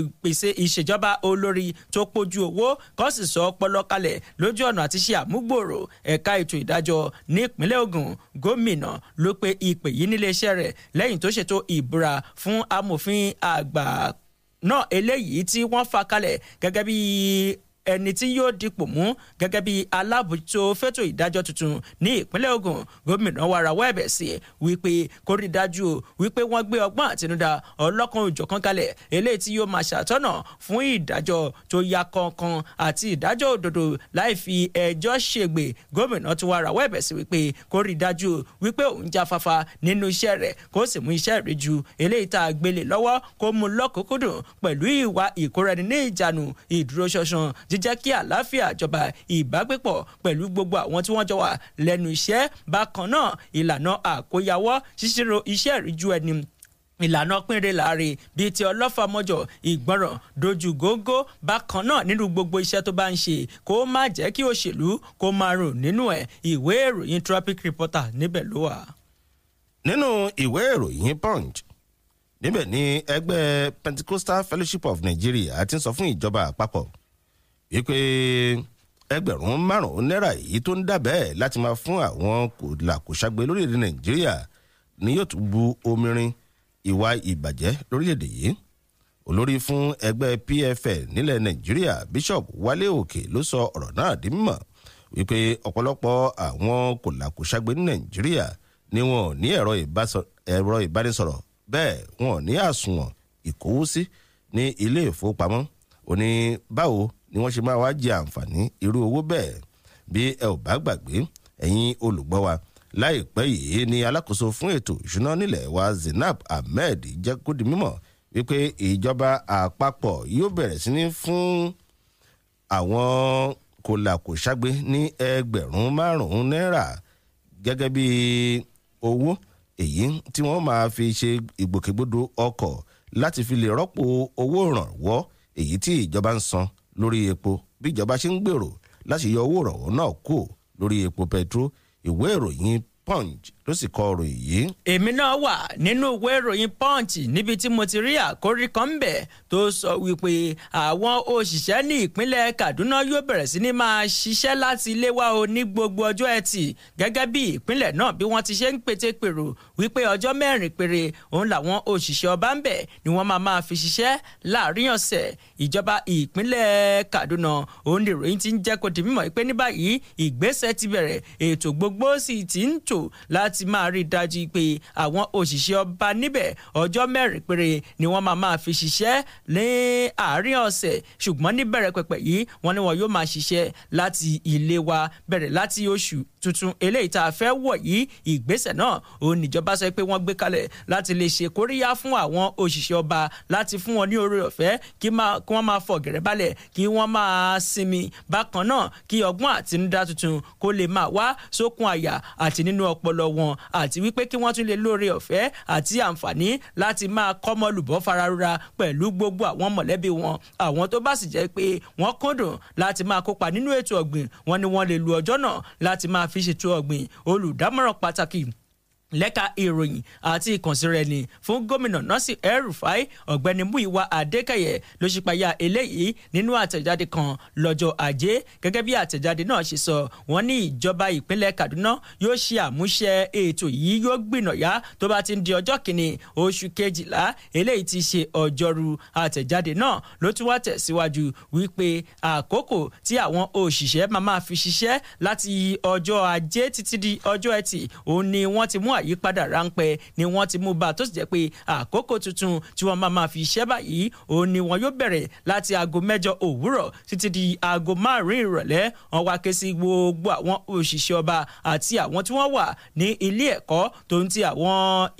ìpèsè ìṣèjọba olórí tó pójú owó kó sì sọ ọpọlọ kalẹ̀ lójú ọ̀nà àti ṣe àmúgbòrò ẹ̀ka ètò ìdájọ́ ní ìpínlẹ̀ Ògùn gómìnà ló pe ìpè yìí níléeṣẹ́ rẹ̀ lẹ́yìn tó ṣètò ìbúra fún amòfin àgbà No eléyìí tí wọ́n fà kalẹ̀ gẹ́gẹ́ bí ẹni tí yóò dipò mú gẹ́gẹ́ bí alábòjútó fẹ́tò ìdájọ́ tuntun ní ìpínlẹ̀ Ògùn gómìnà wa rawọ́ ẹ̀bẹ̀ sí wípé kó rí dájú wípé wọ́n gbé ọgbọ́n àtinúdá ọlọ́kan òjọ̀kan kalẹ̀ eléyìí tí yóò máa ṣàtọ́nà fún ìdájọ́ tó ya kankan àti ìdájọ́ òdodo láì fi ẹjọ́ ṣègbè gómìnà tó wa rawọ́ ẹ̀bẹ̀ sí wípé kó rí dájú wípé òun jáfáfá nínú iṣẹ́ rẹ̀ kó sì mú iṣẹ́ rẹ̀ ju eléyìí tá a gbélé lọ́wọ́ kó mú lọ́kùnkúndùn pẹ̀lú ìwà ìkóra jíjẹ́ kí àlàáfíà jọba ìbágbépọ̀ pẹ̀lú gbogbo àwọn tí wọ́n jọ wà lẹ́nu iṣẹ́ bákan náà ìlànà àkóyawọ́ ṣíṣírò iṣẹ́ ìríjú ẹni ìlànà pínrin láre bíi ti ọlọ́fàmọ́jọ ìgbọràn dojú gógó bákan náà nínú gbogbo iṣẹ́ tó bá ń ṣe kó má jẹ́ kí òṣèlú kó máa rùn nínú ẹ̀ ìwé ìròyìn traffic reporter níbẹ̀ ló wà. nínú ìwé ìròyìn punch níbẹ̀ ni ẹgbẹ́ pentecostal fellowship of nigeria ti ń sọ fún ìjọba àpapọ̀ wípé ẹgbẹ̀rún márùn-ún náírà yìí tó ń dàbẹ́ láti máa fún àwọn kòlàkòṣàgbé lórílẹ̀‐èdè nàìjíríà ni yóò tún bu omirin ìwà ìbàjẹ́ lórílẹ̀‐èdè yìí olórí fún ẹgbẹ́ pfl nílẹ̀ nàìjíríà bishop wálé òkè ló sọ ọ̀rọ̀ náà di mímọ̀ wípé ọ̀pọ̀lọpọ̀ àwọn kòlàkòṣàgbé ní nàìjíríà ni wọn ò ní ẹ̀rọ ìbánisọ̀rọ̀ bẹ́ẹ̀ wọn ò ní àsùnwọ̀n ìkówósí ní ilé ìfowópamọ́ òní báwo ni wọ́n ṣe máa wá jẹ àǹfààní irú owó bẹ́ẹ̀ bí ẹ ò bá gbàgbé ẹ̀yin olùgbọ́ wa láìpẹ́ yìí ni alákòóso fún ètò ìṣúná nílẹ̀ wa Zainab Ahmed jẹ́ kó di mímọ̀ wípé ìjọba àpapọ̀ yóò bẹ̀rẹ̀ sí ní fún àwọn kòlàkòṣágbé ní ẹgbẹ̀rún márùn-ún náírà gẹ́gẹ́ bí owó èyí tí wọ́n máa fi ṣe ìgbòkègbodò ọkọ̀ láti fi lè rọ́pò owó ìrànwọ́ èyí tí ìjọba ń san lórí epo bí ìjọba ṣe ń gbèrò láti yọ owó ìrànwọ́ náà kù lórí epo petro ìwé ìròyìn punch ló sì kọ ọ̀rọ̀ yìí. èmi náà wà nínú ìwé ìròyìn punch níbi tí mo ti rí àkórí kan ń bẹ̀ tó sọ wípé àwọn òṣìṣẹ́ ní ìpínlẹ̀ Kaduna yóò bẹ̀rẹ̀ sí ní máa ṣiṣẹ́ láti ilé wa o ní gbogbo ọjọ́ ẹtì gẹ́gẹ́ bí ìpínlẹ̀ náà bí wọ́n ti ṣe ń pété pèrò wípé ọjọ́ mẹ́rin péré òun làwọn òṣìṣẹ́ ọba ń bẹ̀ ni wọ́n máa máa fi ṣiṣẹ́ láàrin ọ̀sẹ̀ ìjọba ìpínlẹ̀ Kaduna òun ni ìròyìn ti ń jẹ́ kó di mímọ̀ pé ní báyìí ìgbésẹ̀ ti bẹ̀rẹ̀ ètò gbogbo sì ti ń tò láti láti máa rí i dájú pé àwọn òṣìṣẹ́ ọba níbẹ̀ ọjọ́ mẹ́rin péré ni wọ́n máa máa fi ṣiṣẹ́ ní àárín ọ̀sẹ̀ ṣùgbọ́n níbẹ̀rẹ̀ pẹ̀pẹ̀ yìí wọ́n ní wọn yóò máa ṣiṣẹ́ láti ilé wa bẹ̀rẹ̀ láti oṣù tuntun eléyìí tá a fẹ́ wọ̀ yìí ìgbésẹ̀ náà òun níjọba sọ pé wọ́n gbé kalẹ̀ láti lè ṣe kóríyá fún àwọn òṣìṣẹ́ ọba láti fún wọn ní oore ọ̀fẹ́ kí wọ́n máa fọ̀ gẹ̀rẹ́ balẹ̀ kí wọ́n máa sinmi bákan náà kí ọgbọ́n àtinúdá tuntun kó lè máa wá sókun àyà àti nínú ọpọlọ wọn àti wípé kí wọ́n tún lè lóore ọ̀fẹ́ àti àǹfààní láti máa kọ́mọ lùbọ́ fararura pẹ̀lú gbogbo àwọn mọ̀lẹ́bí wọn àwọn tó bá fi ṣètò ọ̀gbìn olùdámọ̀ràn pàtàkì lẹ́ka ìròyìn àti ìkànsíra ẹni fún gómìnà nọ́ọ̀sì El-Rufai ọ̀gbẹ́ni Muyiwa Adékẹ̀yẹ ló ṣípayá eléyìí nínú àtẹ̀jáde kan lọ́jọ́ ajé gẹ́gẹ́ bí àtẹ̀jáde náà ṣe sọ wọ́n ní ìjọba ìpínlẹ̀ Kaduna yóò ṣe àmúṣe ètò yìí yóò gbìnàyà tó bá ti ń di ọjọ́ kìíní oṣù kejìlá eléyìí ti ṣe ọjọ́rú àtẹ̀jáde náà ló tún wá tẹ̀síwájú wípé àkókò tí àwọn òṣìṣẹ́ máa àyípadà ráńpẹ́ ni wọ́n ti mú bá tó sì jẹ́ pé àkókò tuntun tí wọ́n máa fi iṣẹ́ báyìí òun ni wọ́n yóò bẹ̀rẹ̀ láti aago mẹ́jọ òwúrọ̀ títí di aago márùn-ún ìrọ̀lẹ́ wọ́n wá ké sí gbogbo àwọn òṣìṣẹ́ ọba àti àwọn tí wọ́n wà ní ilé ẹ̀kọ́ tó ń ti àwọn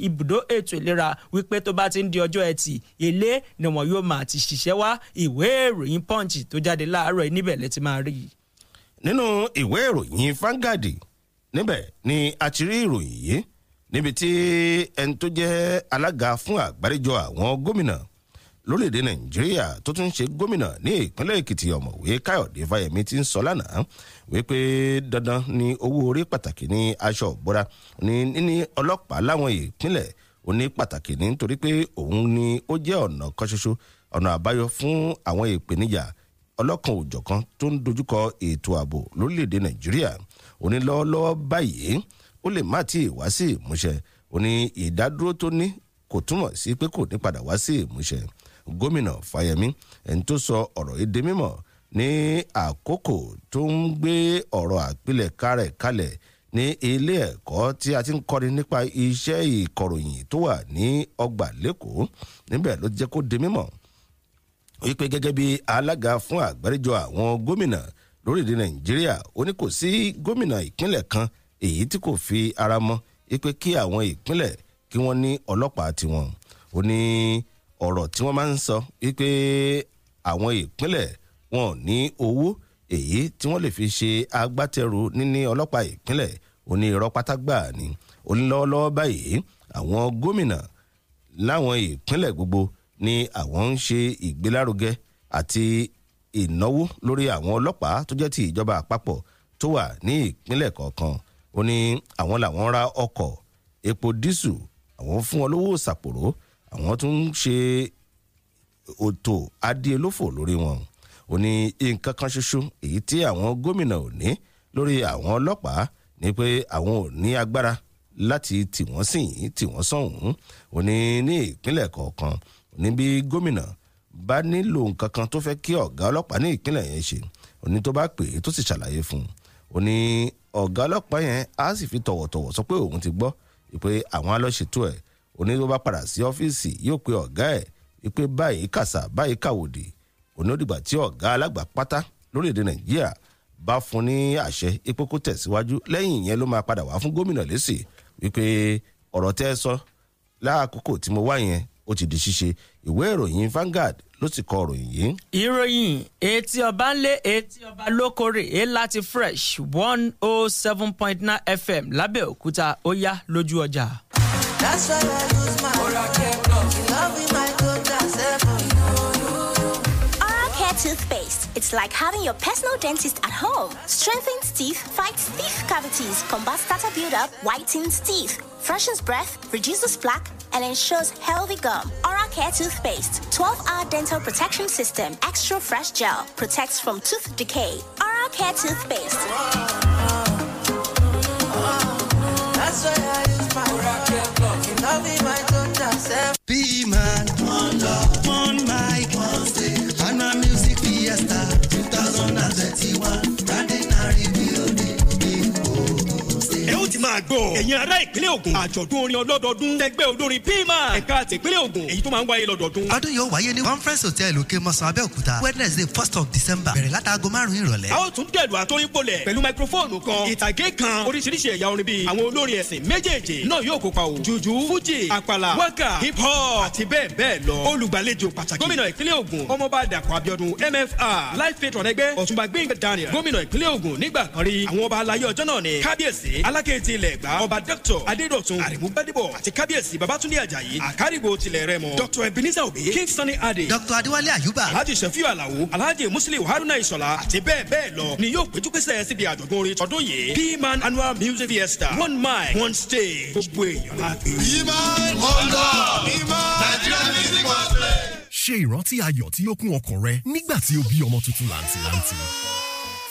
ibùdó ètò ìlera wípé tó bá ti ń di ọjọ́ ẹtì ilé ni wọ́n yóò máa ti ṣiṣẹ́ wá ìwé ìròyìn punch tó jáde láàárọ̀ níbẹ̀ nínú ìwé ìròyìn fangadi níbẹ̀ ni a ti rí ìròyìn yìí níbi tí ẹni tó jẹ́ alága fún àgbáríjọ àwọn gómìnà lórílẹ̀‐èdè nàìjíríà tó tún ṣe gómìnà ní ìpínlẹ̀ èkìtì ọ̀mọ̀wé káyọ̀dé fáyẹ̀mí ti ń sọ lánàá wípé dandan ni owó orí pàtàkì ní aṣọ ìbora ní níní ọlọ́pàá láwọn ìpínlẹ̀ oní pàtàkì nítorí pé òun ni ó jẹ́ ọ̀nà kan ṣoṣo ọ̀nà àbáyọ fún àwọn ìpèníjà ọlọ́kan òjọ̀kan tó ń dojúkọ ètò ààbò lórílẹ̀‐èdè nàìjíríà onílọ́wọ́lọ́wọ́ báyìí ó lè má tí ì wá sí ìmúṣẹ ó ní ìdádúró tó ní kò túmọ̀ sí pé kò ní padà wá sí ìmúṣẹ gómìnà fáyemí ẹni tó sọ ọ̀rọ̀ èdè mímọ̀ ní àkókò tó ń gbé ọ̀rọ̀ àpilẹ̀ka rẹ̀ kalẹ̀ ní ilé ẹ̀kọ́ tí a ti ń kọ́ni nípa iṣẹ́ ìkọ̀ròyìn tó wà ní ọgbà lẹ́kọ̀ọ́ níbẹ̀ ló jẹ́ kó di mímọ̀ wípé gẹ́gẹ́ bí alága fún àgbáríjọ àwọn gómìnà lórílẹ̀ nàìjíríà ó ní kò sí gómìnà ìpínlẹ̀ kan èyí tí kò fi ara mọ́ pé kí àwọn ìpínlẹ̀ kí wọ́n ní ọlọ́pàá tiwọn ó ní ọ̀rọ̀ tí wọ́n máa ń sọ wípé àwọn ìpínlẹ̀ wọn ò ní owó èyí tí wọ́n lè fi ṣe agbátẹrù níní ọlọ́pàá ìpínlẹ̀ ó ní irọ́ pátágbà ni ó ní lọ́wọ́lọ́wọ́ báyìí àwọn gómìnà láwọn ìpínlẹ̀ gbogbo ni àwọn ń ṣe ìgbélárugẹ àti ìnáwó lórí àwọn ọlọ́pàá tó jẹ́ ti ìjọba àpapọ̀ tó wà ní ìpínlẹ̀ kọ̀ọ̀kan ó ní àwọn làwọn ra ọkọ̀ epo dísù àwọn fún wọn lówó ṣàpòrò àwọn tún ń ṣe òtò adíelófò lórí wọn ó ní nǹkan kan ṣoṣo èyí tí àwọn gómìnà ò ní lórí àwọn ọlọ́pàá ni pé àwọn ò ní agbára láti tì wọ́n sìn yín tì wọ́n sọ̀hún ó ní ní ìpínlẹ̀ kọ̀ọ̀kan ó ní bí gómìnà bá nílò nǹkan kan tó fẹ́ kí ọ̀gá ọlọ́pàá ní ìpínlẹ̀ yẹn ṣe ó ní tó bá pè é tó sì ṣàlàyé fún un ó ní ọ̀gá ọlọ́pàá yẹn á sì fi tọ̀wọ̀tọ̀wọ̀ sọ pé òun ti gbọ́ pé àwọn alọ́ṣètò ẹ̀ òní ló bá padà sí ọ́fíìsì yóò pe ọ̀gá ẹ̀ wípé báyìí kàṣà báyìí kàwòdì òní ó dìgbà tí ọ̀gá alágbà pátá lórílẹ̀‐èdè nàìjíríà bá fún ní àṣẹ ipò kó tẹ̀síwájú lẹ́yìn ìyẹn ló máa padà wá fún gómìnà lésì wípé ọ̀rọ̀ tẹ́ sọ láàkókò tí mo wá yẹn ó ti di ṣíṣe ìwé ìròyìn Vanguard ló sì kọ ròyìn yìí. ìròyìn etí ọba lé etí ọba lókòrè e láti fresh one oh seven point nine fm lábẹ́òkúta ó yá lójú ọjà. that's why i lose my love in my daughter seven. toothpaste. It's like having your personal dentist at home. Strengthens teeth, fights teeth cavities, combats tartar buildup, whitens teeth, freshens breath, reduces plaque, and ensures healthy gum. Oral Care Toothpaste, 12 hour dental protection system, extra fresh gel, protects from tooth decay. Oral Care Toothpaste. Be man, one love, one mic. máa gbọ́. ẹ̀yin ará ìpínlẹ̀ Ògùn àjọ̀dún orin ọlọ́dọọdún tẹgbẹ́ olórin pima ẹ̀ka tìpínlẹ̀ Ògùn èyí tó máa ń wáyé lọ́dọọdún. ọdún yóò wáyé ní conference hotel òkè mọ́sán abẹ́òkúta Wednesday first of December bẹ̀rẹ̀ látàgọ́ márùn-ún ìrọ̀lẹ́. a ó tún dẹ̀lù àtórí bolẹ̀ pẹ̀lú microphone kan ìtàgé kan oríṣiríṣi ẹ̀yà orin bíi àwọn olórin ẹ̀sìn méjèèjì náà yóò kópa o jùjú fújì àpàlà wákà hip hop àti bẹ́ẹ̀ bẹ́ẹ̀ lọ olùgbàlejò pàtàkì gómìnà ìpínlẹ̀ Ògùn ọmọọba Dàpọ̀ Abíọ́dún MFR life faith ọ̀nẹ́gbẹ́ Ọ̀túnba Gbénga Daniel gómìnà ìpínlẹ̀ Ògùn nígbà kan rí àwọn ọba alayé ọjọ́ náà ni kábíyèsí alákejì tilẹ̀ ẹ̀gbá ọba dr adédọ̀tun àrìmú gbádébọ̀ àti kábíyèsí babatunde ajayi àkárìgbò tilẹ̀ rẹ mọ dr ebenezer obe king sunny ade dr adéwálé ayuba alhaji sefiu alawo alhaji musiliu haruna isola àti bẹ́ẹ̀ bẹ́ẹ̀ lọ ni yóò péjú pésẹ̀ síbi àjọ̀dún orin tọdún yìí p-man annual music fiesta one mic one stage gbogbo èèyàn láti. p-man ọ̀dọ́ p-man nigeria music was played. ṣe ìrántí ayọ̀ tí ó kún ọkàn rẹ nígbà tí o bí ọmọ tuntun làǹtìlàǹtì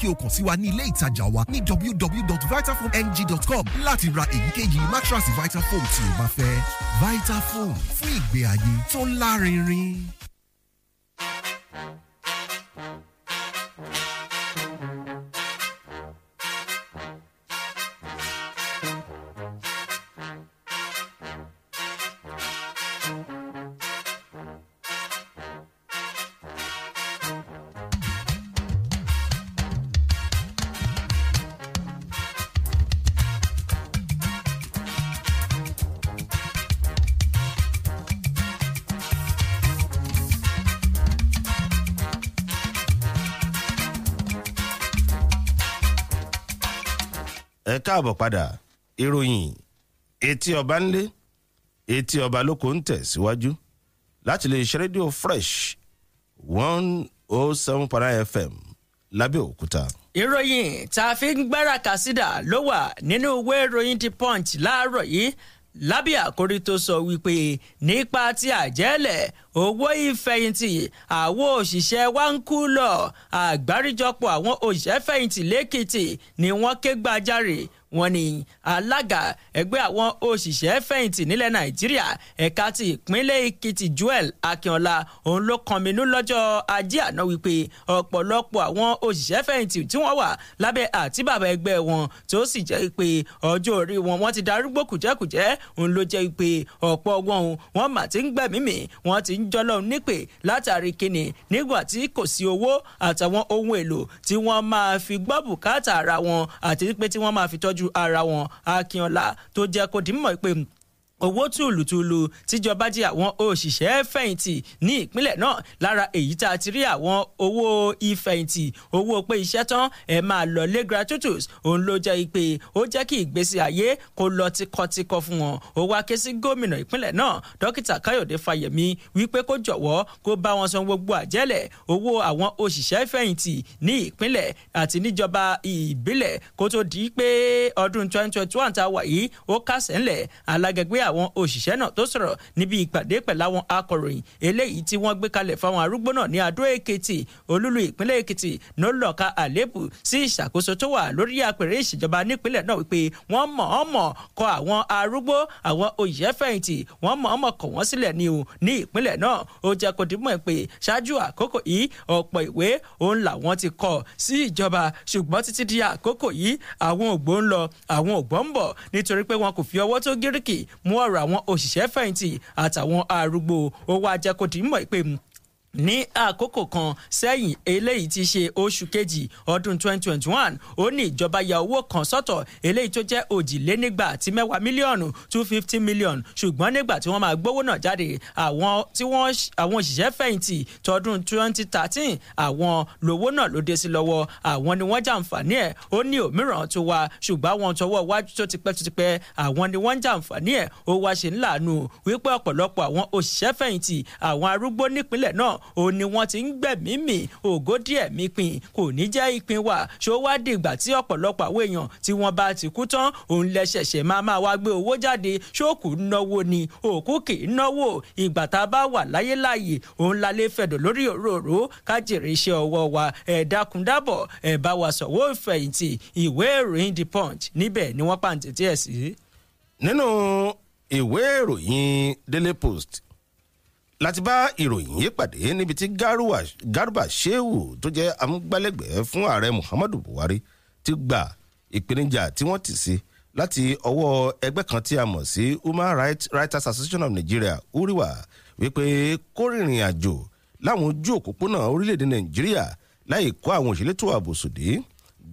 kí o kàn sí wa ní ilé ìtajà wa ní www.vitafoamng.com láti ra èyíkéyìí mátrasì Vitafoam tí o bá fẹ́. Vitafoam fún ìgbé ayé tó lárinrin. káàbọ̀ padà ìròyìn etí ọba ńlé etí ọba lóko ń tẹ̀síwájú láti lè ṣe rédíò fresh one oh seven point nine fm lábẹ́òkúta. ìròyìn tá a fi ń gbára kàsídà ló wà nínú ìwé ìròyìn the punch láàárọ̀ yìí lábẹ́ àkórí tó sọ wípé nípa ti àjẹ́lẹ̀ owó ìfẹ̀yìntì àwọn òṣìṣẹ́ wa ń kú lọ àgbáríjọpọ̀ àwọn òṣìṣẹ́ fẹ̀yìntì lẹ́kìtì ni wọ́n ké gbàjarè wọ́n ní alága ẹgbẹ́ àwọn òṣìṣẹ́ fẹ̀yìntì nílẹ̀ nàìjíríà ẹ̀ka ti ìpínlẹ̀ èkìtì joel akínọlá òun ló kànmínú lọ́jọ́ ajé àná wípé ọ̀pọ̀lọpọ̀ àwọn òṣìṣẹ́ fẹ̀yìntì tí wọ́n wà lábẹ́ àtíbàbà ẹgbẹ́ wọn tó sì jẹ́ pé ọjọ́ orí wọn wọ́n ti darúgbó kùjẹ́kùjẹ́ òun ló jẹ́ pé ọ̀pọ̀ wọn wọ́n mà ti ń gbẹ̀mímì wọ́n ti ń jọlọ́run nípè látàrí kíni nígbà tí kò sí owó àtàwọn ohun èlò tí wọ́n máa fi gbọ́ bùkátà ara wọn àti pé tí wọ́n máa fi tọ́jú ara wọn Akínọlá tó jẹ́ kó dì pé owó tùlùtùlù tíjọba jẹ àwọn òṣìṣẹ́ fẹ̀yìntì ní ìpínlẹ̀ náà lára èyí tá a ti rí àwọn owó ìfẹ̀yìntì owó pé iṣẹ́ tán ẹ̀ máa lọ lé gratuitous òun ló jẹ́ ipe ó jẹ́ kí ìgbésí ayé kó lọ tikọtikọ fún wọn ó wá ké sí gómìnà ìpínlẹ̀ náà dókítà káyọ̀dé fáyẹ̀mí wípé kó jọ̀wọ́ kó bá wọn san gbogbo àjẹ́lẹ̀ owó àwọn òṣìṣẹ́ fẹ̀yìntì ní ìpínlẹ̀ àti níjọba ìbílẹ̀ kó tó àwọn òṣìṣẹ́ náà tó sọ̀rọ̀ níbi ìpàdé pẹ̀lú àwọn akọ̀ròyìn eléyìí tí wọ́n gbé kalẹ̀ fáwọn arúgbó náà ní Adó Èkìtì olúlu ìpínlẹ̀ Èkìtì nólọ́ka àlébù sí ìṣàkóso tó wà lórí àpèrè ìṣèjọba nípínlẹ̀ náà wípé wọ́n mọ̀ọ́mọ̀ kọ àwọn arúgbó àwọn òṣìṣẹ́ fẹ̀yìntì wọ́n mọ̀ọ́mọ̀ kọ̀ wọ́n sílẹ̀ ní o ní ìpínlẹ̀ náà ó jẹ́ kó dìmọ̀ pé ṣáájú àkókò yìí ọ̀pọ̀ ìwé òun làwọn ti kọ sí ìjọba ṣùgbọ́n títí di àkókò yìí àwọn ògbó ń lọ àwọn ògbó ń bọ̀ nítorí pé wọn kò fi ọwọ́ tó gíríkì mú ọ̀rọ̀ àwọn òṣìṣẹ́ fẹ̀yìntì àtàwọn arúgbó ó wá jẹ́ mọ̀ pé ní àkókò kan sẹ́yìn eléyìí ti ṣe oṣù kejì ọdún 2021 ó ní ìjọba ya owó kan sọ́tọ̀ eléyìí tó jẹ́ òjìlénígba àti mẹ́wàá mílíọ̀nù 250 million ṣùgbọ́n nígbà tí wọ́n máa gbówó náà jáde àwọn tí wọ́n àwọn òṣìṣẹ́ fẹ̀yìntì tọdún 2013 àwọn lówó náà ló dé sí lọ́wọ́ àwọn ni wọ́n jàǹfààní ẹ̀ ó ní òmíràn tó wà ṣùgbọ́n àwọn tọwọ́ iwájú tó ti pẹ́ tó ti pẹ́ àwọn ni wọ́n jàǹfààní ẹ̀ ó wá ṣe ńláàánú wípé ọ̀pọ̀lọpọ̀ àwọn òun ni wọ́n ti ń gbẹ̀mí mì ògo díẹ̀ mi pin kò ní jẹ́ ìpín wa ṣó wá dìgbà tí ọ̀pọ̀lọpọ̀ àwọn èèyàn tí wọ́n bá ti kú tán òun lẹ ṣẹ̀ṣẹ̀ máa máa wá gbé owó jáde ṣóòkù náwó ni òkú kì í náwó ìgbà tá a bá wà láyé láàyè òun la lè fẹ̀dọ̀ lórí òróró ká jèrè iṣẹ́ ọwọ́ wa ẹ̀ dákúndábọ̀ ẹ̀ bá wa sọ̀wọ́ ìfẹ̀yìntì ìwé ìròyìn the punch níbẹ̀ ni wọ́n pàǹtẹ̀tẹ̀ sí. nínú ìwé ìròyìn daily post láti bá ìròyìn yìí pàdé níbi tí Garba Shehu tó jẹ́ amúgbálẹ́gbẹ̀ẹ́ fún ààrẹ Muhammadu Buhari ti gba ìpèníjà tí wọ́n ti sí láti ọwọ́ ẹgbẹ́ kan tí a mọ̀ sí Human Rights Writers Association of Nigeria uriwa wípé kó rìnrìn àjò láwọn ojú òpópónà orílẹ̀-èdè Nàìjíríà láì kó àwọn òṣèlétò ààbò sòdí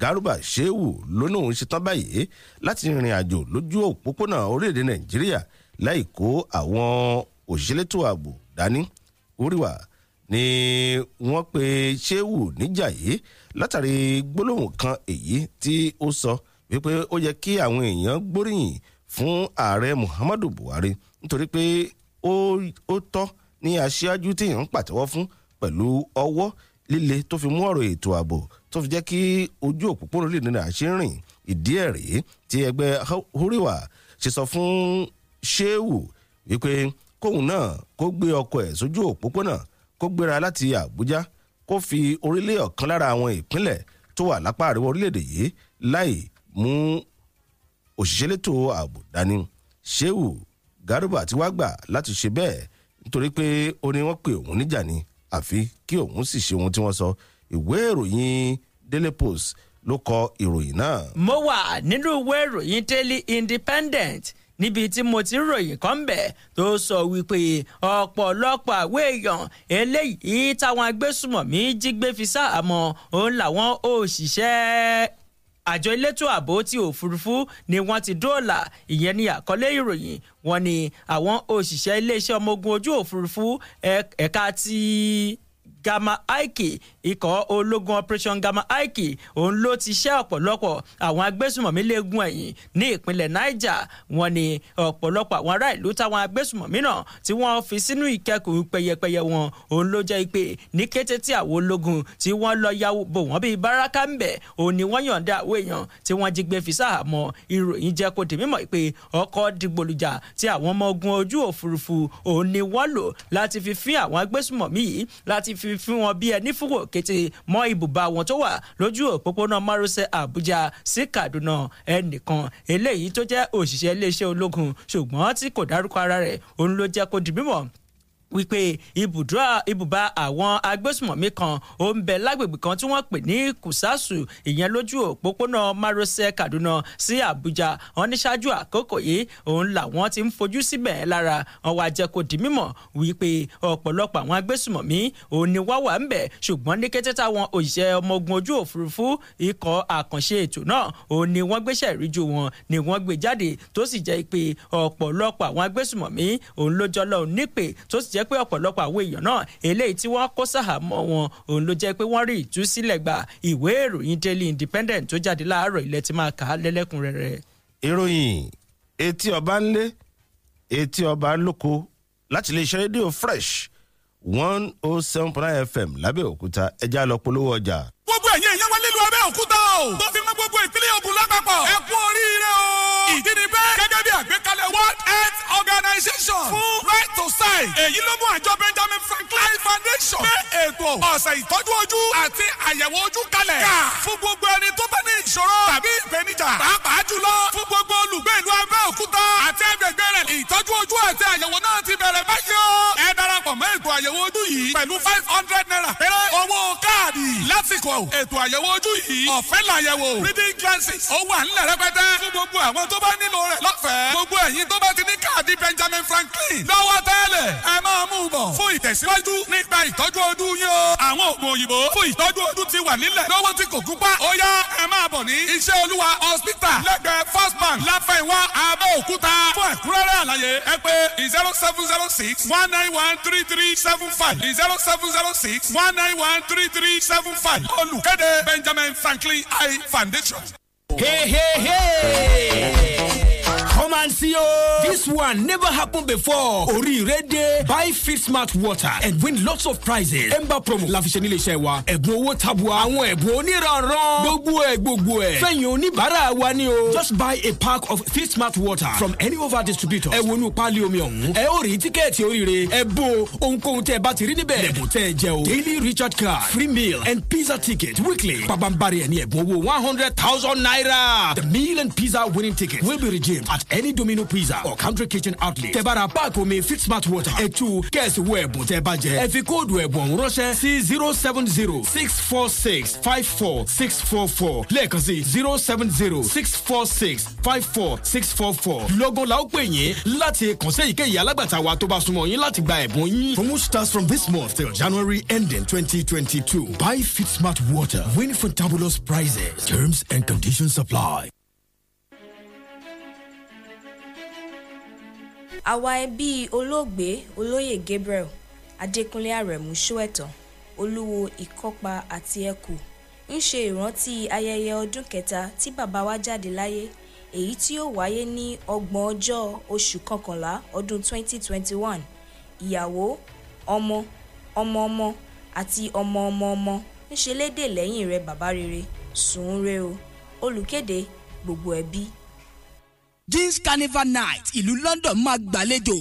Garba Shehu lónà òun ṣetán báyìí láti rìnrìn àjò lójú òpópónà orílẹ̀-èdè Nàìjíríà láì kó àwọn òṣèlétò ààbò dání oríwà ni wọ́n pe Shehu Níjàyí látàrí gbólóhùn kan èyí tí ó sọ wípé ó yẹ kí àwọn èèyàn gbóríyìn fún ààrẹ Muhammadu Buhari nítorí pé ó tọ́ ní aṣáájú tí èèyàn ń pàtẹ́wọ́ fún pẹ̀lú ọwọ́ líle tó fi mú ọ̀rọ̀ ètò ààbò tó fi jẹ́ kí ojú òpópónà lè nínú àṣírìn ìdí ẹ̀ rèé tí ẹgbẹ́ húríwà ṣe sọ fún Shehu wípé kóun náà kó gbé ọkọ̀ ẹ̀ sójú òpópónà kó gbéra láti Àbújá kó fi orílẹ̀ ọ̀kan lára àwọn ìpínlẹ̀ tó wà lápá àríwá orílẹ̀-èdè yìí láì mú òṣìṣẹ́létò ààbò dání Shehu Garba ti wá gbà láti ṣe bẹ́ẹ̀ nítorí pé ó ní wọ́n pè òun níjà ni àfi kí òun sì ṣe ohun tí wọ́n sọ ìwé ìròyìn Daily Post ló kọ ìròyìn náà. mo wà nínú ìwé ìròyìn Daily Independent níbi tí mo ti ń ròyìn kan bẹ̀ tó sọ wípé ọ̀pọ̀lọpọ̀ àwọn èèyàn eléyìí táwọn agbésùmọ̀mí jí gbé fi sáàmọ́ òun làwọn òṣìṣẹ́ àjọ elétò ààbò ti òfurufú ni wọ́n ti dóòlà ìyẹn ní àkọlé ìròyìn wọ́n ní àwọn òṣìṣẹ́ iléeṣẹ́ ọmọ ogun ojú òfurufú ẹ̀ka ti gama aiki ikọ̀ ológun operation gamma aiki òun ló ti ṣẹ́ ọ̀pọ̀lọpọ̀ àwọn agbésùmọ̀mí léegun ẹ̀yìn ní ìpínlẹ̀ niger wọ́n ní ọ̀pọ̀lọpọ̀ àwọn ará ìlú táwọn agbésùmọ̀mí náà tí wọ́n fi sínú ìkẹ́kùn pẹyẹpẹyẹ wọn òun ló jẹ́ pé ní kété tí àwọn ológun tí wọ́n lọ ya bò wọ́n bíi baraka ń bẹ̀ òun ni wọ́n yọ̀ǹda àwọn èèyàn tí wọ́n jí gbé fi sáhàmọ́ ìròyìn jẹ́ kó di mímọ̀ pé ni wọ́n tàkété mọ́ ibùba wọn tó wà lójú òpópónà márosẹ̀ àbújá sí kaduna ẹnìkan eléyìí tó jẹ́ òṣìṣẹ́ iléeṣẹ́ ológun ṣùgbọ́n tí kò dárúkọ ara rẹ̀ òun ló jẹ́ kó di mímọ̀ wípé ibùdó ibùba àwọn agbésùmọ̀mí kan ó ń bẹ lágbègbè kan tí wọ́n pè ní kùsàsù ìyẹn lójú òpópónà márosẹ̀ Kaduna sí Àbújá wọ́n ní ṣáájú àkókò yìí òun làwọn ti ń fojú síbẹ̀ lára wọ́n wá jẹ́ kó di mímọ̀ wípé ọ̀pọ̀lọpọ̀ àwọn agbésùmọ̀mí òun ni wáwà ń bẹ ṣùgbọ́n ní kété táwọn òṣìṣẹ́ ọmọ ogun ojú òfurufú ikọ̀ àkànṣe ètò náà òun ni wọ́n gbéṣẹ́ ìríjú wọn ni wọ́n gbé jáde tó sì jẹ́ pé ọ̀pọ̀lọpọ̀ àwọn agbésùmọ̀mí òun ló jọlọ́ọ̀ nípè tó sì jẹ́ pé ọ̀pọ̀lọpọ̀ àwọn èèyàn náà eléyìí tí wọ́n kó sàhámọ́ wọn òun ló jẹ́ pé wọ́n rí ìtúsílẹ̀ gbà ìwé ìròyìn Daily Independent tó jáde láàárọ̀ ilẹ̀ ti máa kà á lẹ́lẹ́kùnrẹ́rẹ́. ìròyìn etí ọba ńlé etí ọba lóko láti lè rédíò fresh one oh seven point nine fm lábẹ́òkúta ẹja lọ polówó ọjà. gbogbo ẹ̀yin ẹ̀yẹ́ wọn nílùú abẹ́òkúta o tó fi mọ́ gbogbo ìpínlẹ̀ Ògùn lápapọ̀ ẹ kú oríire o ìdí ni bẹ́ẹ̀ gẹ́gẹ́ bí àgbékalẹ̀ World Health Organization foundation fún right to side èyí ló mú àjọ benjamin franklin foundation gbé ètò ọ̀sẹ̀ ìtọ́jú ojú àti àyẹ̀wò ojú kalẹ̀ kà fún gbogbo ẹni tó bá ní ìṣòro tàbí ìpèníjà pàápàá jùlọ fún gbogbo olùgbé ìlú abẹ́òkúta àti ẹgbẹ̀gbẹ̀ rẹ̀ ìtọ́jú ojú àti àyẹ̀wò náà ti bẹ̀rẹ̀ àyẹ̀wò ojú yìí pẹ̀lú five hundred naira pẹ̀lú owó káàdì lásìkò ètò àyẹ̀wò ojú yìí ọ̀fẹ́ làyẹ̀wò reading glasses ó wà nílẹ̀ rẹpẹtẹ fún gbogbo àwọn tó bá nílò rẹ̀ lọ́fẹ̀ẹ́ gbogbo ẹ̀yin tó bá ti ní káàdì Benjamin Franklin lọ́wọ́ tẹ́lẹ̀ ẹ máa mú bọ̀ fún ìtẹ̀síwájú nípa ìtọ́jú ojú yín o àwọn oògùn òyìnbó fún ìtọ́jú ojú ti wà nílẹ̀ lọ́wọ́ tí kò gúnpá ó yá ẹ máa bọ̀ ní iṣẹ́ olúwa hospital lẹ́gbẹ̀ẹ́ first bank láfẹ̀wá abẹ́òkúta fún ẹ̀kúrẹ́rẹ́ àlàyé ẹ pé zero seven zero six one nine one three three seven five zero seven zero six one nine one three three seven five olùkéde Benjamin Franklin Eye Foundation. Hey, performance yo. This one never happened before. Ori dé buy fit smart water and win lots of prizes. Ember promo la fi ṣe nílé iṣẹ́ wa. Ẹ̀bùn owó tabua. Àwọn ẹ̀bùn oníranran. Gbogbo ẹ̀ gbogbo ẹ̀. Fẹ̀yìn oníbàárà wa ni o. Just buy a pack of fit smart water from any of our distributors. Ẹ wo inú páálí omi ọ̀hún. Ẹ ó rí tíkẹ́ẹ̀tì oríire. Ẹ bo ohunkóhun tẹ́ bá ti rí níbẹ̀. Lẹ̀bùn tẹ́ ẹ jẹ o. Daily Richard card, free meal and pizza ticket weekly. Pabambari ẹ̀ ní owó one hundred thousand naira. The meal and pizza winning ticket will be redeemed at any domino pizza or country kitchen outlet tẹ́ bá ra páàkì omi fit smart water ẹ̀ tú kẹ́ẹ̀sì wo ẹ̀bùn tẹ́ bá jẹ ẹ fi kóòdù ẹ̀bùn ọ̀hún sí zero seven zero six four six five four six four four lẹ́ẹ̀kan sí zero seven zero six four six five four six four four lọ́gán la ó pè yín láti kàn sí èyíkéyìí alágbàtà wa tó bá súnmọ́ yín láti gba ẹ̀bùn yín. promo starts from this month till January ending 2022. Buy Fit Smart Water. Win fantabulous prizes. Terms and conditions apply. àwa ẹbí olóògbé olóyè gabriel adékúnlé aremu sóẹtàn olúwo ìkọpa àti ẹkù ń ṣe ìrántí ayẹyẹ ọdún kẹta tí bàbá wa jáde láyé èyí tí yóò wáyé ní ọgbọ̀n ọjọ́ oṣù kọkànlá ọdún 2021 ìyàwó ọmọ ọmọ ọmọ àti ọmọ ọmọ ọmọ ń ṣe lédè lẹ́yìn rẹ bàbá rere sùn re o olùkéde gbogbo ẹbí jeans carnival night ìlú London máa gbàlejò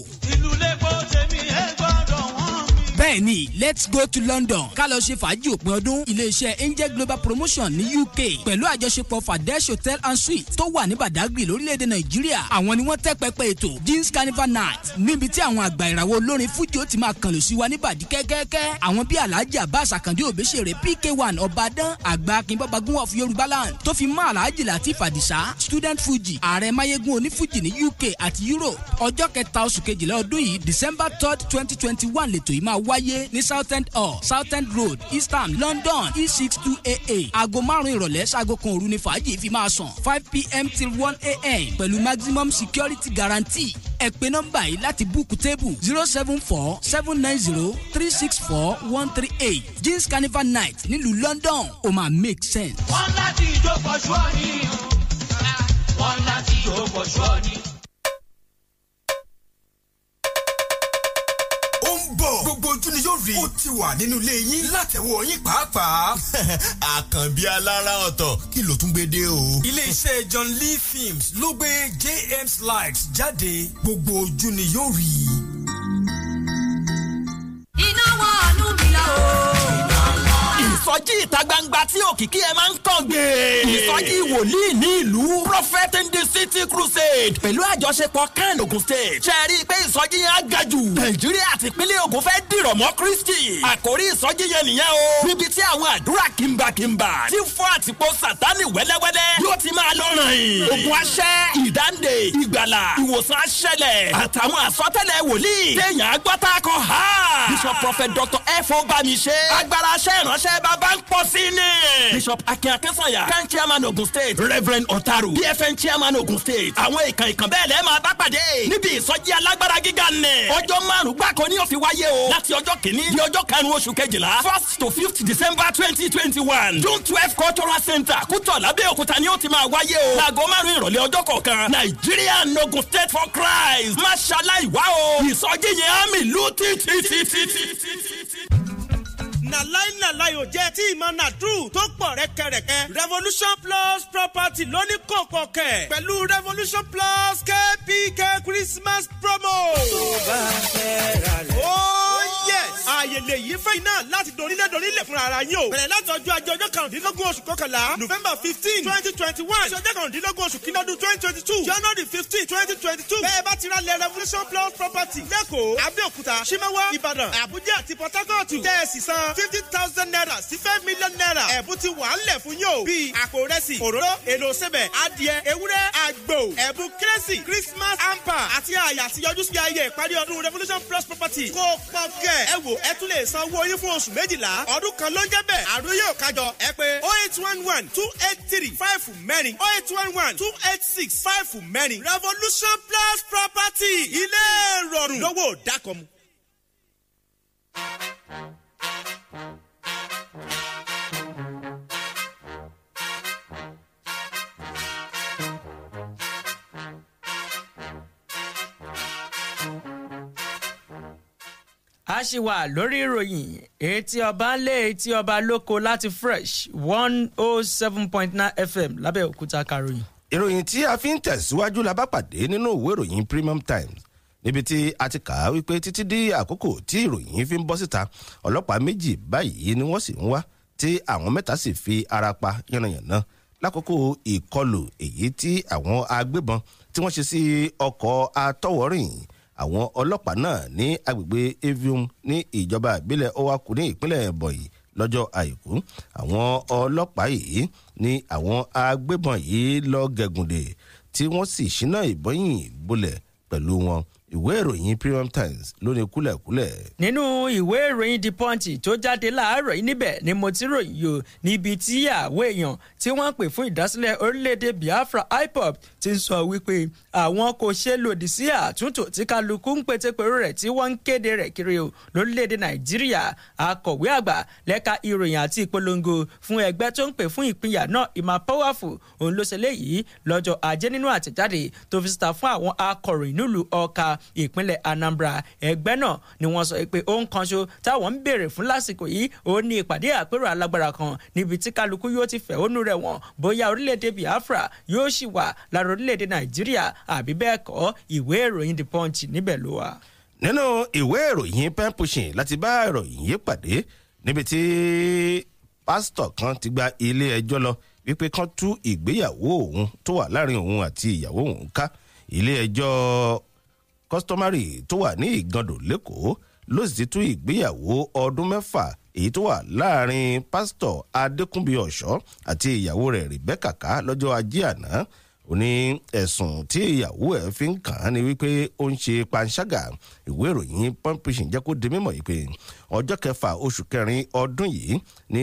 bẹ́ẹ̀ni let's go to London ká lọ ṣe fàájì òpin ọdún iléeṣẹ́ angel global promotion ní UK pẹ̀lú àjọṣepọ̀ fadesh hotel and suite tó wà ní Badagry lórílẹ̀‐èdè Nàìjíríà àwọn ni wọ́n tẹ́ pẹpẹ ètò jeans carnival night níbi tí àwọn àgbà ìràwọ̀ olórin fújì ó ti máa kànlò sí wa níbàdí kẹ́kẹ́kẹ́ àwọn bíi alhaji abbas akande obesere pk1 ọbadan àgbà akínbọ́bagun of yorùbá land tó fi mọ́ alhaji latif adisa student fuji ààrẹ mayegun onífuji ní UK àti Europe ọjọ́ kẹta oṣù kejìlá ọdún yìí December third twenty twenty one lètò yìí máa wá wáyé ní southend hall southend road eastham london e six two eight eight aago márùn ìrọ̀lẹ́ ṣaago kan òru ni fàájì fi máa sàn five pm till one am pẹ̀lú maximum security guarantee ẹ pè nọ́mbà yìí láti búùkù tébù zero seven four seven nine zero three six four one three eight jeans carnival night nílùú london ó máa make sense. wọ́n láti ìjókòó ṣọ́ọ̀ni wọ́n láti ìjókòó ṣọ́ọ̀ni. gbogbo ojú ni yóò rí ó ti wà nínú ilé yín látẹ̀wọ̀ yín pàápàá. àkànbí alára ọ̀tọ̀ kí ló tún gbé dé o. iléeṣẹ́ John Lee Films ló gbé JM's Lights jáde gbogbo ojú ni yóò rí. ìsọjí ìta gbangba tí òkìkí ẹ máa ń kàn ìsọjí wòlíì ní ìlú prophet in the city crusade pẹ̀lú àjọṣepọ̀ kan Ogun state. ṣe rí i pé ìsọjí yẹn á ga jù. Nàìjíríà àti ìpínlẹ̀ Ògùn fẹ́ dìrọ̀ mọ́ Kristi. àkórí ìsọjí yẹn nìyẹn o. níbi tí àwọn àdúrà kìmbàkìmbà tí fọ́ àtìpó sàtánì wẹ́lẹ́wẹ́lẹ́ yóò ti máa lọ rìn. ogun aṣẹ́ ìdáǹdè ìgbàlà ìwòsàn aṣẹlẹ̀ àtàwọn àsọtẹ́lẹ̀ wòlíì téèyàn agbọ́tà kọ ha. Bishop Prophet Dr. F. O. Bámiṣé agbára aṣẹ́ ìránṣẹ́ bàbá bá ń pọ̀ sí ni. bishop akin akínsànyà kan chairman ogun state reverend otaru bfn chairman ogun state àwọn ìkàn ìkàn bẹ́ẹ̀ lẹ́ẹ̀ máa bá pàdé níbi ìsọjí alágbára gíga nì. ọjọ́ márùn-ún gbáko ni ó fi wáyé o láti ọjọ́ kìíní di ọjọ́ karùn-ún oṣù kejìlá first to fifth december twenty twenty one june twelve cultural center kútọ̀ lábẹ́òkúta ni ó ti máa wáyé o láago márùn-ún ìrọ̀lẹ́ ọjọ́ kọ̀ọ̀kan nigerian ogun state for christ máṣáláì wá o ìsọjí yẹn á mi lù títí títí títí na láìláì ò jẹ́ tí ìmọ̀ nàdúrù tó pọ̀ rẹ́kẹrẹ́kẹ́ revolution plus property lóní kòkò kẹ̀ pẹ̀lú revolution plus kpk christmas promo. tó bá fẹ́ ra lẹ̀ yes. ààyè lè yí fẹ́yìn náà láti dorílẹ̀ dorílẹ̀ fúnra ara yín o. bẹ̀rẹ̀ láti ọjọ́ ajé ọjọ́ karùndínlógún oṣù kọkànlá november fifteen twenty twenty one ṣọjọ́ karùndínlógún oṣù kìnnàdún twenty twenty two january fifteen twenty twenty two. bẹ́ẹ̀ bá ti ra lẹ revolution plus property lẹ́kọ̀ọ́ abẹ́òkúta ṣímẹ́wá ìbàdàn àbújá àti port harcourt tẹ̀ sí san fifty thousand naira sí five million ẹ̀bùn ti wà ńlẹ̀ fún yóò bíi àpò òróró èlò sẹbẹ̀ adìẹ ewúrẹ́ àgbò ẹ̀bùn kérésì christmas hamper àti àyà àtiyọjú sí ayé ìparí ọdún revolution plus property kó o pọ̀ kẹ́ ẹ wò ẹ tún lè san owó yín fún oṣù méjìlá ọdún kan ló ń jẹ́ bẹ́ẹ̀ àrùn yóò kájọ ẹ pé oh eight one one two eight three five mẹ́rin oh eight one one two eight six five mẹ́rin revolution plus property ilé ìrọ̀rùn lówó dákọ̀mu. a ṣì wà lórí ìròyìn etí ọba lé etí ọba lóko láti fresh one oh seven point nine fm lábẹ́ òkúta karòyìn. ìròyìn tí a fi ń tẹ̀síwájú la bá pàdé nínú òwe ìròyìn premium times níbi tí a ti kà á wípé títí dé àkókò tí ìròyìn fi ń bọ́ síta ọlọ́pàá méjì báyìí ni wọ́n sì ń wá tí àwọn mẹ́ta sì fi ara pa yánnayànna lákòókò ìkọlù èyí tí àwọn agbébọn tí wọ́n ṣe sí ọkọ̀ atọ́wọ́rìn yìí àwọn ọlọ́pàá náà ní agbègbè avium ní ìjọba ìbílẹ̀ owaku ní ìpínlẹ̀ bọ̀yì lọ́jọ́ àìkú àwọn ọlọ́pàá yìí ní àwọn agbébọn yìí lọ́ọ́ gẹ̀gùndè tí wọ́n sì ṣínà ìbọn yìí bolẹ̀ pẹ̀lú wọn ìwé ìròyìn Premium Times ló ní kúlẹ̀kúlẹ̀. nínú ìwé ìròyìn The Punch tó jáde láàárọ̀ yìí níbẹ̀ ni mo ti ròyìn o níbi tí àwọn èèyàn tí wọ́n pè fún ìdásílẹ̀ orílẹ̀-èdè Biafra IPOB ti ń sọ wípé àwọn kò ṣe lòdì sí àtúntò tí kálukú ń petepèrò rẹ̀ tí wọ́n ń kéde rẹ̀ kiri o lórílẹ̀-èdè Nàìjíríà akọ̀wé àgbà lẹ́ka ìròyìn àti ìpolongo fún ẹgbẹ́ tó ń pè fún ìpínyà náà ìmà powerful òun ló ṣe léyìí lọ́jọ́ ajé nínú àtẹ̀jáde tó fi síta fún àwọn akọ̀ròyìn nílùú Ọ̀ka ìpínlẹ̀ Anambra ẹgbẹ́ náà ni wọ́n sọ pé ohun kan ṣo táwọn ń béèrè fún lásìkò yìí òun ni ìpàdé àpérò alágbára kan níbi tí kálukú yóò ti fẹ̀hónú rẹ̀ wọ̀n bóyá orílẹ̀-èdè Biafra yóò ṣì wà lára orílẹ̀-èdè Nàìjíríà àbí bẹ́ẹ̀ kọ́ ìwé ìròyìn The Punch níbẹ̀ ló wà. nínú ìwé ìròyìn pen pushing láti bá ìròyìn yìí pàdé níbi tí pásítọ̀ kan ti gba ilé ẹjọ́ lọ wípé kán tú ìgbéyàwó òun tó wà láàrin òun àti ìyàwó òun ká ilé ẹjọ́ customary tó wà ní ìgàndò lẹ́kọ̀ọ́ ló sì ti tú ìgbéyàwó ọdún mẹ́fà èyí tó wà láàrin pásítọ̀ adékúnbí ọ̀ṣọ́ àti ìyàwó rẹ̀ rebecca lọ́jọ́ ajé àná ó ní ẹ̀sùn tí ìyàwó ẹ̀ fi ń kàn án ni wípé ó ń ṣe panṣágà ìwé ìròyìn pọ́ńpìṣìn jẹ́ kó di mímọ̀ yìí pé ọjọ́ kẹfà oṣù kẹrin ọdún yìí ni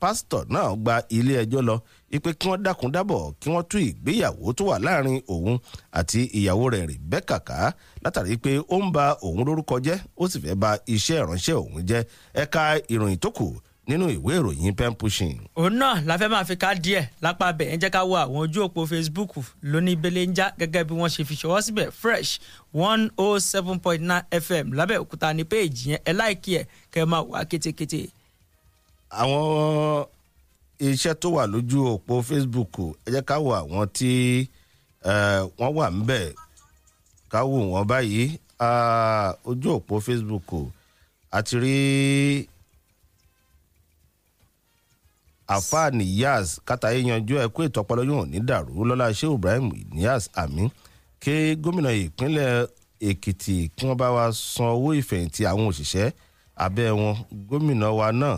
pásítọ̀ náà gba ilé ẹjọ́ lọ wípé kí wọ́n dákun dábọ̀ kí wọ́n tú ìgbéyàwó tó wà láàrin òun àti ìyàwó rẹ̀ Rebecca ká látàrí pé ó ń ba òun lórúkọ jẹ́ ó sì fẹ́ ba iṣẹ́ ìránṣẹ́ òun jẹ́ ẹ̀ka ìròyìn tó kù nínú ìwé ìròyìn pen pushing. òun náà la fẹ́ máa fi ká díẹ̀ lápá bẹ̀ ẹ jẹ́ ká wo àwọn ojú òpó Facebook lónìí belenja gẹ́gẹ́ bí wọ́n ṣe fi ṣọwọ́ síbẹ̀ fresh one oh seven point nine FM lábẹ́òkúta ní péèjì yẹn ẹ láìkí ẹ̀ kẹ́ ẹ máa wá kétékété. àwọn iṣẹ́ tó wà lójú òpó Facebook ẹ jẹ́ ká wo àwọn tí wọ́n wà ń ká wò wọ́n báyìí ah, ojú òpó Facebook àti rí. Afa niyaz kátàyé yanjú ẹkú ètò ọpọlọ yóò ní dàrú lọ́la sheu ibrahim niyaz àmì ké gómìnà ìpínlẹ̀ èkìtì kí wọ́n bá wa san owó ìfẹ̀yìntì àwọn òṣìṣẹ́ abẹ́ wọn gómìnà wa náà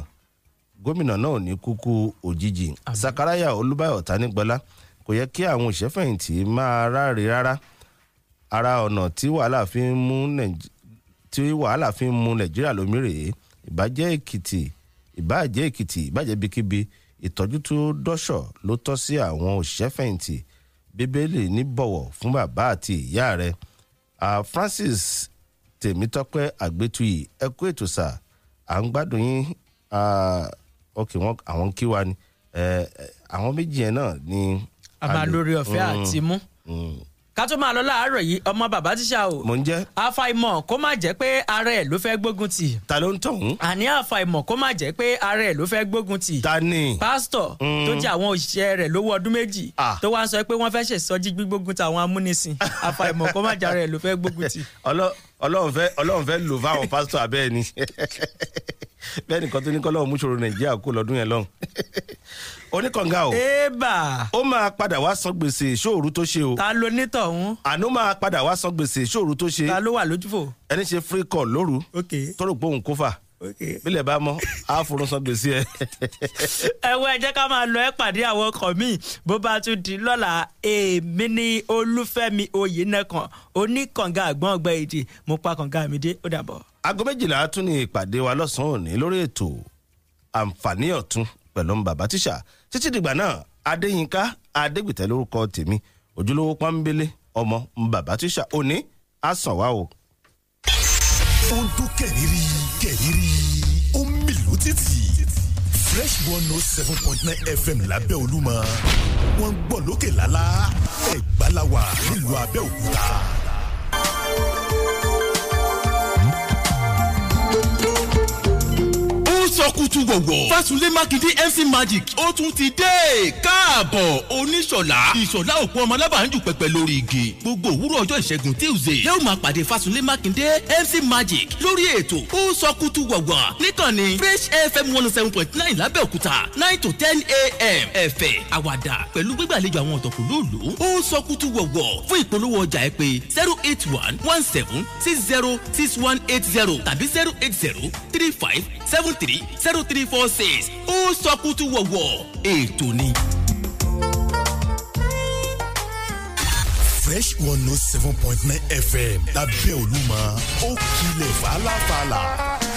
gómìnà náà ò ní kúkú òjijì sakaraya olúbáyọ̀ tanígbọ́lá kò yẹ kí àwọn òṣìṣẹ́ máa ráre rárá ara ọ̀nà tí wàhálà fi ń mú nàìjíríà lómìnira ìbàjẹ́ èkìtì ìbáàjẹ́ èkìtì ìbáàjẹ́ bíkíbi ìtọ́jú tó dọ́ṣọ̀ ló tọ́ sí àwọn òṣìṣẹ́fẹ̀yìntì bíbélì ní bọ̀wọ̀ fún bàbá àti ìyá rẹ̀ Francis Tèmítọ́pẹ́ Àgbétuyì ẹ kú ètò sà à ń gbádùn yín ọkè wọn àwọn kí wa ni àwọn méjì yẹn náà ni. a ọ̀fẹ́ àti mú. Mm, mm ká tó máa lọ láàárọ̀ yìí ọmọ bàbá tíṣà o. mò ń jẹ́. àfàìmọ̀ kó má jẹ́ pé ara ẹ̀ ló fẹ́ gbógun tì. ta ló ń tọ̀hún. àní àfàìmọ̀ kó má jẹ́ pé ara ẹ̀ ló fẹ́ gbógun tì. ta ni. pásítọ̀ mm. tó jẹ́ àwọn òṣìṣẹ́ rẹ̀ lówó ọdún méjì tó wá ń sọ pé wọ́n fẹ́ ṣèṣọ́jí gbígbógun tà àwọn amúnisìn àfàìmọ̀ kó má jẹ́ ara ẹ̀ ló fẹ́ gbógun tì. ọlọ́run fẹ́ lò fáwọn pásítọ̀ abẹ́ẹ̀ ni bẹ́ẹ̀ nìkan tó ní kọ́ lọ́wọ́ mú ṣòro nàìjíríà kó lọ́dún yẹn lọ́hùn oníkànga o. ébà. ó máa padà wá san gbèsè ìṣòro tó ṣe o. ta ló nítọ̀ ń. àánú máa padà wá san gbèsè ìṣòro tó ṣe. ta ló wà lójúfò. ẹni ṣe free call lóru. ok tó rò pé òun kó fà bílẹ̀ bá mọ́ á forún san gbèsè ẹ. ẹ wo ẹ jẹ́ ká máa lọ ẹ pàdé àwọn ọkọ̀ mi bó bá tún di lọ́la èmi ni olúfẹ́mi oyinẹ̀kan oníkànga àgbọ̀n ọgbà èdè mo pa kànga mi dé ó dàbọ̀. aago méjìlá tún ní ìpàdé wa lọ́sàn-án òní lórí ètò àǹfààní ọ̀tún pẹ̀lú bàbá tíṣà títí dìgbà náà adéyínká adégbìtẹ́ lórúkọ tèmi ojúlówó pọ́nbélé ọmọ bàbá tíṣà òní á sàn o. ó ń dún kẹ̀rìírí kẹ̀rìírí ó ń mìlú títì fresh one oh seven point nine fm lábẹ́ olúmọ wọ́n ń gbọ́ lókè lálá ẹ̀gbá la wà nílùú abẹ́òkúta tútù wọ̀wọ̀. fásulẹ̀ mákindé mc magic ó tún ti dé káàbọ̀ oníṣọ̀lá ìṣọ̀lá òkú ọmọ alábàájú pẹ̀pẹ̀ lórí igi gbogbo òwúrọ̀ ọjọ́ ìṣẹ́gun tuesday lẹ́yìn máa pàdé fásulẹ̀ mákindé mc magic lórí ètò ó sọ kútù wọ̀wọ̀ níkànnì fresh fm one oh seven point nine lábẹ́òkúta nine to ten a.m. ẹ̀fẹ̀ àwàdà pẹ̀lú gbígbàlejò àwọn ọ̀tọ̀kùlóòlù ó sọ kútù wọ̀wọ̀ fún ìpolówó ọjà ẹ pé zero eight one one seven six zero six one eight zero tàbí zero eight zero three five seven three zero zero three four six ó sọ kútu wọ̀wọ̀ ètò ni. fresh one note oh seven point nine fm lábẹ́ olúmọ ó kilẹ̀ fàlàfàlà.